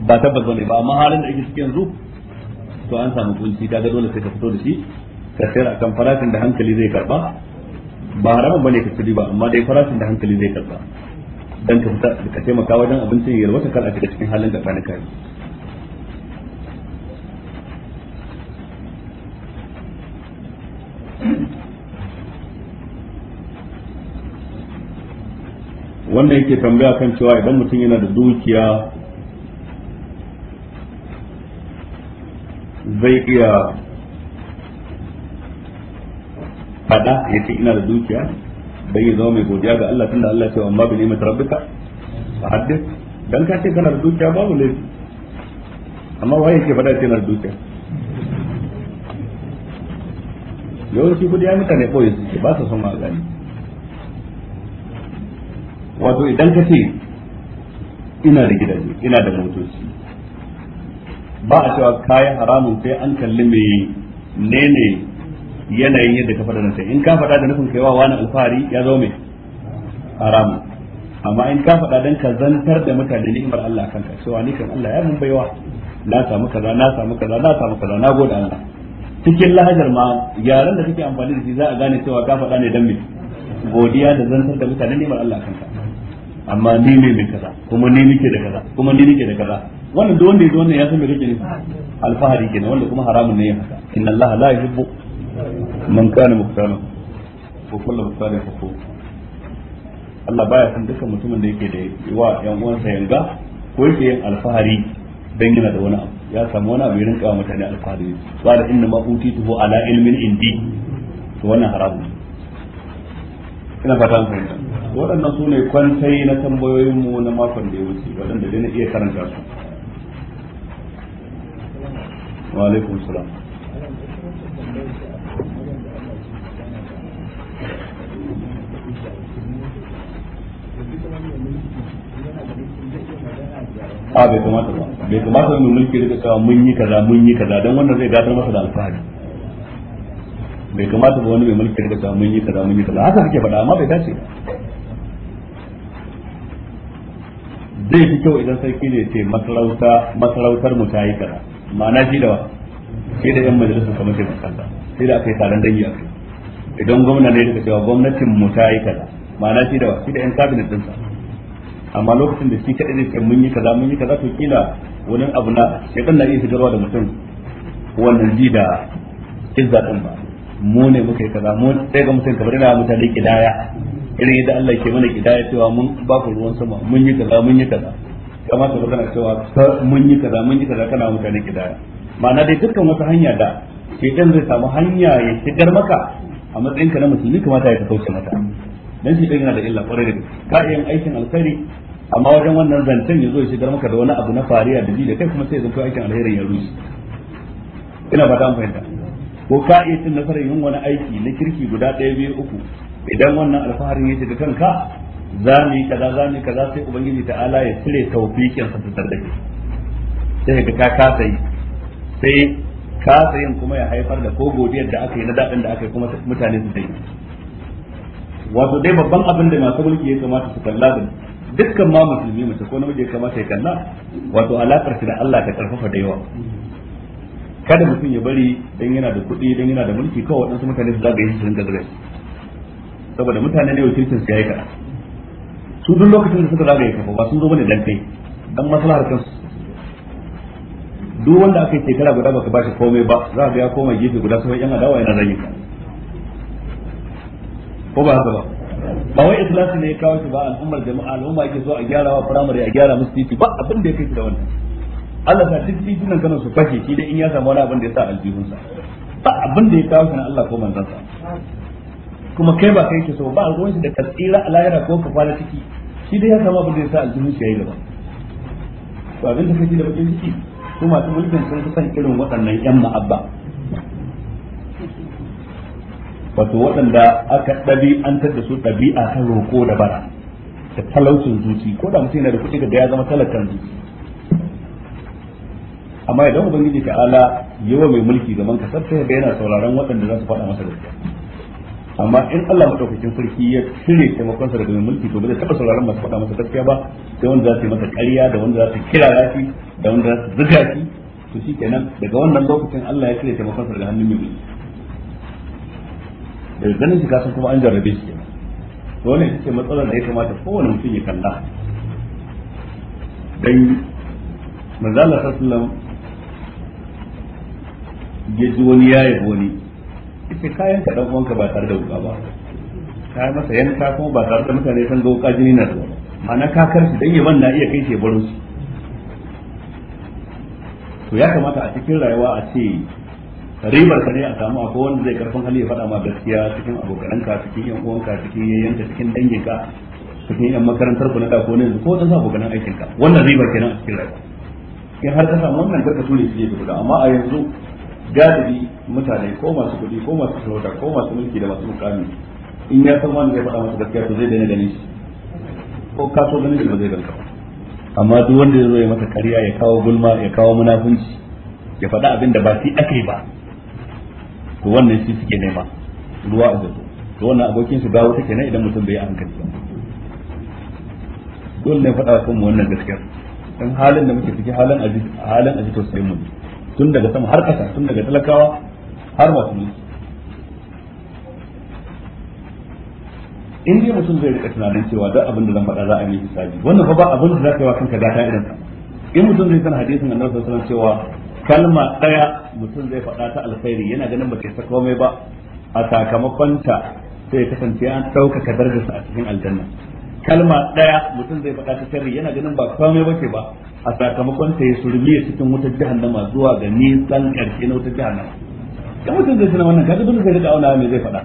ba tabbas bane ba amma halin da yake cikin yanzu to an samu kunci kaga dole sai ka fito da shi ka sayar a kan farashin da hankali zai karba ba haramun bane ka ci ba amma dai farashin da hankali zai karba dan ka fita ka taimaka wajen abincin yalwata kar a shiga cikin halin da kana kai wanda yake tambaya kan cewa idan mutum yana da dukiya zai iya fada ya ce ina da dukiya dai ya zama mai godiya ga Allah tunda Allah ya ce amma bi ni'mat rabbika fa haddith dan ka ce kana da dukiya babu laifi amma waye ke fada ce na da dukiya yawanci kudi ya mutane boye su ba su son ma gani wato idan ka ce ina da gidaje ina da motoci ba a cewa kayan haramun sai an kalli mai ne ne yanayin yadda ka faɗa nasai in ka faɗa da nufin kaiwa wani alfahari ya zo mai haramun amma in ka faɗa don ka zantar da mutane ni'imar Allah kanka cewa ni kan Allah ya mun baiwa na samu kaza na samu kaza na samu kaza na gode Allah cikin lahajar ma yaran da kake amfani da shi za a gane cewa ka faɗa ne dan me godiya da zantar da mutane ni'imar Allah kanka amma ni ne mai kaza kuma ni nake da kaza kuma ni nake da kaza wannan duk wanda ya zo wannan ya san me kake ne alfahari kenan wanda kuma haramun ne ya haka inna Allah la yuhibbu man kana muktana ko kullu muktana ko Allah baya san dukkan mutumin da yake da wa yan uwansa yanga ko yake yin alfahari dan yana da wani abu ya samu wani abu ya rinka mutane alfahari ba da inna ma utituhu ala ilmin indi to wannan haramu ina fata an fahimta waɗannan su ne kwantai na tambayoyinmu na makon da ya wuce waɗanda dai na iya karanta su wa alaikum salam a bai kamata ba bai kamata ba mai mulki rika cewa mun yi kaza mun yi kaza don wannan zai gadar masa da alfahari bai kamata ba wani mai mulki da cewa mun yi kaza mun yi kaza haka suke faɗa amma bai dace zai fi kyau idan sarki ne ce masarauta masarautar mu ta yi kaza ma'ana shi da wa sai da yan majalisar kamar sai makanta sai da aka yi taron dangi a kai idan gwamna ne rika cewa gwamnatin mu ta yi kaza ma'ana shi da wa shi da yan kabinet ɗinsa amma lokacin da shi kaɗai zai mun yi kaza mun yi kaza to kila wani abu na shaitan na iya shigarwa da mutum wannan ji da izza din ba mu ne muka yi kaza mu sai ga mutum kamar yana mutane kidaya irin yadda Allah ke mana kidaya cewa mun ba ku ruwan sama mun yi kaza mun yi kaza kamata ba kana cewa mun yi kaza mun yi kaza kana mutane kidaya ma'ana dai dukkan wata hanya da shaitan zai samu hanya ya shigar maka a matsayinka na musulmi kamata ya kauce mata dan shi yana da illa kwarai da gaske ka yin aikin alkhairi amma wajen wannan zancen ya zo ya shigar maka da wani abu na fariya da ji da kai kuma sai ya zanto aikin alherin ya rushe ina ba ta fahimta ko ka iya cin nasarar yin wani aiki na kirki guda daya biyu uku idan wannan alfaharin ya shiga kanka za mu yi kaza za mu yi kaza sai ubangiji ta'ala ya cire tawfikin sa fitar da kai sai ka ka kasa yi sai kasa yin kuma ya haifar da ko godiyar da aka yi na daɗin da aka yi kuma mutane su dai wato dai babban abin da masu mulki ya kamata su kalla da dukkan ma musulmi mace ko namiji ya kamata ya kalla wato alakar da Allah ta karfafa da yawa kada mutum ya bari dan yana da kuɗi dan yana da mulki kawai wadansu mutane su zagaye su rinka zagaye saboda mutane ne wakilcin su yayi kaɗan su duk lokacin da suka zagaye kafa ba su zo bane dan kai dan maslahar kansu duk wanda aka yi shekara guda baka bashi komai ba za ka ga ya koma gefe guda sai yan adawa yana zagin ka ko ba haka ba ba wai islasi ne ya kawo shi ba al'ummar jama'a al'umma yake so a gyara wa firamare a gyara musu titi ba abin da ya kai da wannan Allah ta duk titunan kana su fashe shi da in ya samu wani abin da ya sa aljihunsa ba abin da ya kawo shi na Allah ko sa kuma kai ba kai ke so ba ruwan shi da katsira a lahira ko ka fara ciki shi da ya samu abin da ya sa aljihun shi yayi gaba to abin da kake da bakin ciki kuma tun mulkin sun san irin waɗannan yan ma'abba wato waɗanda aka ɗabi'antar da su ɗabi'a kan roƙo da bara da talaucin zuci ko da mutum yana da kuɗi da ya zama talakan zuci amma idan ubangiji ta'ala yawa mai mulki zaman kasar sai yadda yana sauraron waɗanda za su faɗa masa gaskiya amma in Allah madaukakin sarki ya cire taimakon sa daga mai mulki to ba zai taɓa sauraron masu faɗa masa gaskiya ba sai wanda za su yi masa ƙarya da wanda za su kira shi da wanda za su zuga shi to shikenan daga wannan lokacin Allah ya cire taimakon sa daga hannun mai mulki daga eh, ganin shi kasan kuma an jarrabe shi kenan to ne ita matsalar da ya kamata kowane mutum ya kalla dan manzo Allah sallallahu ya ji wani ya yi wani ita kayan ka dan uwanka ba tare da wuka ba ka yi masa yanka kuma ba tare da mutane san ga wuka jini na zuwa ma'ana ka shi dan yaban na iya kai shi baro su to ya kamata a cikin rayuwa a ce ribar ka ne a samu a wanda zai karfin hali ya faɗa ma gaskiya cikin abokananka cikin yan uwanka cikin yayyanka cikin danginka cikin yan makarantar ku na da ko ne ko dan abokan aikin ka wannan ribar kenan a cikin rayuwa in har ka samu wannan karka tone shi da amma a yanzu galibi mutane ko masu kuɗi ko masu sarauta ko masu mulki da masu mukami in ya san wanda zai faɗa masa gaskiya to zai daina ganin shi ko ka so ganin shi ba zai ganka amma duk wanda ya zo ya masa kariya ya kawo gulma ya kawo munafunci ya faɗa abin da ba shi ake ba to wannan shi suke nema ruwa a zato to wannan abokin su gawo take nan idan mutum bai hankali ba dole ne faɗa kan mu wannan gaskiyar dan halin da muke ciki halin aji halin aji to sai mu tun daga sama har ƙasa tun daga talakawa har wasu ne in mutum zai rika tunanin cewa duk abin da zan faɗa za a yi hisabi wannan fa ba abin da za ka yi wa kanka gata irin sa in mutum zai san hadisin annabi sallallahu alaihi wasallam cewa kalma daya mutum zai faɗa ta alkhairi yana ganin ba ta komai ba a sakamakon ta sai kasance an ɗaukaka darajarsa a cikin aljanna kalma daya mutum zai faɗa ta sharri yana ganin ba komai ke ba a sakamakon ta ya surmi cikin wutar jahannama zuwa ga nisan karshe na wutar jahannama kan mutum zai sanar wannan kaga dole sai rika auna me zai faɗa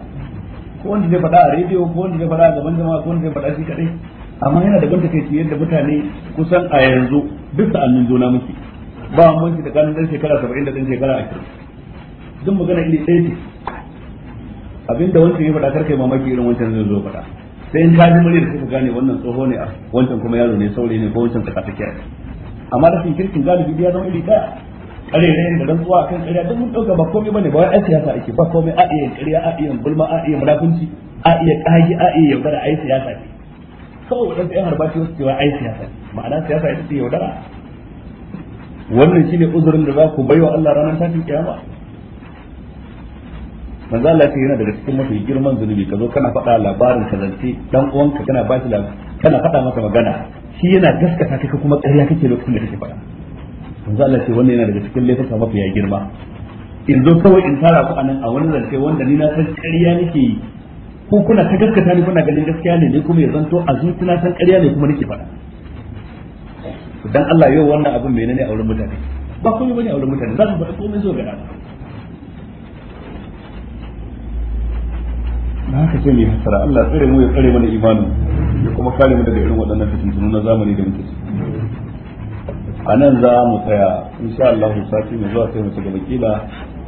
ko wanda zai faɗa a rediyo ko wanda zai faɗa a gaban jama'a ko wanda zai faɗa shi kadai amma yana da banta kai yadda mutane kusan a yanzu duk sa'annin juna muke ba mun da kanin dan shekara 70 da dan shekara 20 duk magana iri ɗaya ce abinda wancan ya faɗa karkai mamaki irin wancan zai zo faɗa sai in kaji muryar kuka gane wannan tsoho ne a ah, wancan kuma yaro ne saurayi ne ko wancan ta tsakiya ne amma rashin kirkin galibi ya zama iri ɗaya ne da rantsuwa kan kariya duk mun ɗauka ba komai bane ba wai a siyasa ake ba komai a iya kariya a iya bulma a iya murafunci a iya ƙage a iya yaudara yi siyasa ne saboda waɗansu 'yan harbaci wasu cewa yi siyasa ma'ana siyasa ita ce yaudara wannan shine uzurin da za ku wa Allah ranar tashin kiyama manzo Allah sai yana daga cikin mafi girman zunubi ka zo kana faɗa labarin ka dan uwanka kana ba shi kana faɗa masa magana shi yana gaskata kai kuma ƙarya kake lokacin da kake faɗa manzo Allah sai wannan yana daga cikin laifuka mafi ya girma in zo kawai in tara ku anan a wani zance wanda ni na san ƙarya nake yi ko kuna ta gaskata ni kuna ganin gaskiya ne ne kuma ya zanto a zuciya na san ƙarya ne kuma nake faɗa dan Allah yau wannan abin menene a wurin mutane ba komai bane a wurin mutane za su faɗi komai zo ga dan na haka ce mai hasara Allah tsare mu ya tsare mana imanin ya kuma kare mu daga irin waɗannan fitintunu na zamani da muke a nan za mu tsaya insha Allah sati mu zuwa sai mu ci gaba kila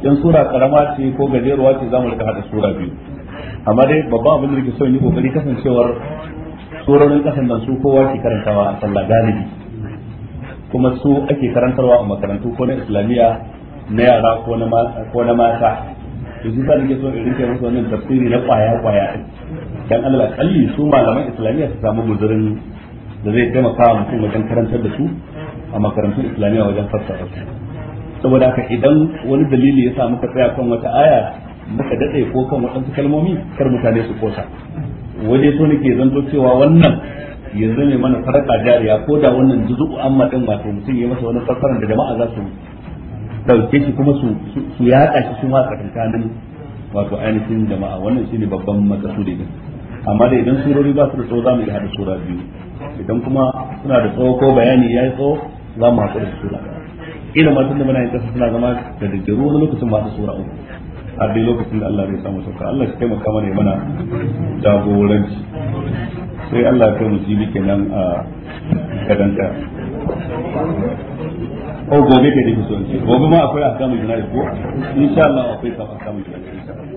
yan sura karama ce ko gajeruwa ce za mu rika hada sura biyu amma dai babban abin da nake so yi kokari kasancewar surorin kasan nan su kowa ke karantawa a sallah galibi kuma su ake karantarwa a makarantu ko na islamiyya na yara ko na mata yanzu sa nake so in rike musu wannan tafsiri na kwaya kwaya dan Allah kalli su malaman islamiyya su samu guzurin da zai taimaka wa mutum wajen karantar da su a makarantun islamiyya wajen fassara su saboda haka idan wani dalili ya sa muka tsaya kan wata aya muka dade ko kan wadansu kalmomi kar mutane su kosa waje so nake zanto cewa wannan ya zame mana farka jariya ko da wannan juzu'u amma din to mutum ya masa wani fassarar da jama'a za su dauke shi kuma su su yaka shi ma wasa tsakanin wato ainihin jama'a wannan shine babban makasudi din amma da idan surori ba su da tsawo za mu yi hada sura biyu idan kuma suna da tsawo ko bayani ya yi tsawo za mu haƙura da sura ina ma tunda muna yin kasa suna zama da daddaro wani lokacin ba su sura uku a duk lokacin da Allah zai samu sauka Allah shi taimaka mana ya mana jagoranci sai Allah ta mu jibi kenan a kadanta ko oh, gobe ke da kusanci gobe ma akwai a ahkamu jina'i ko insha Allah akwai ahkamu jina'i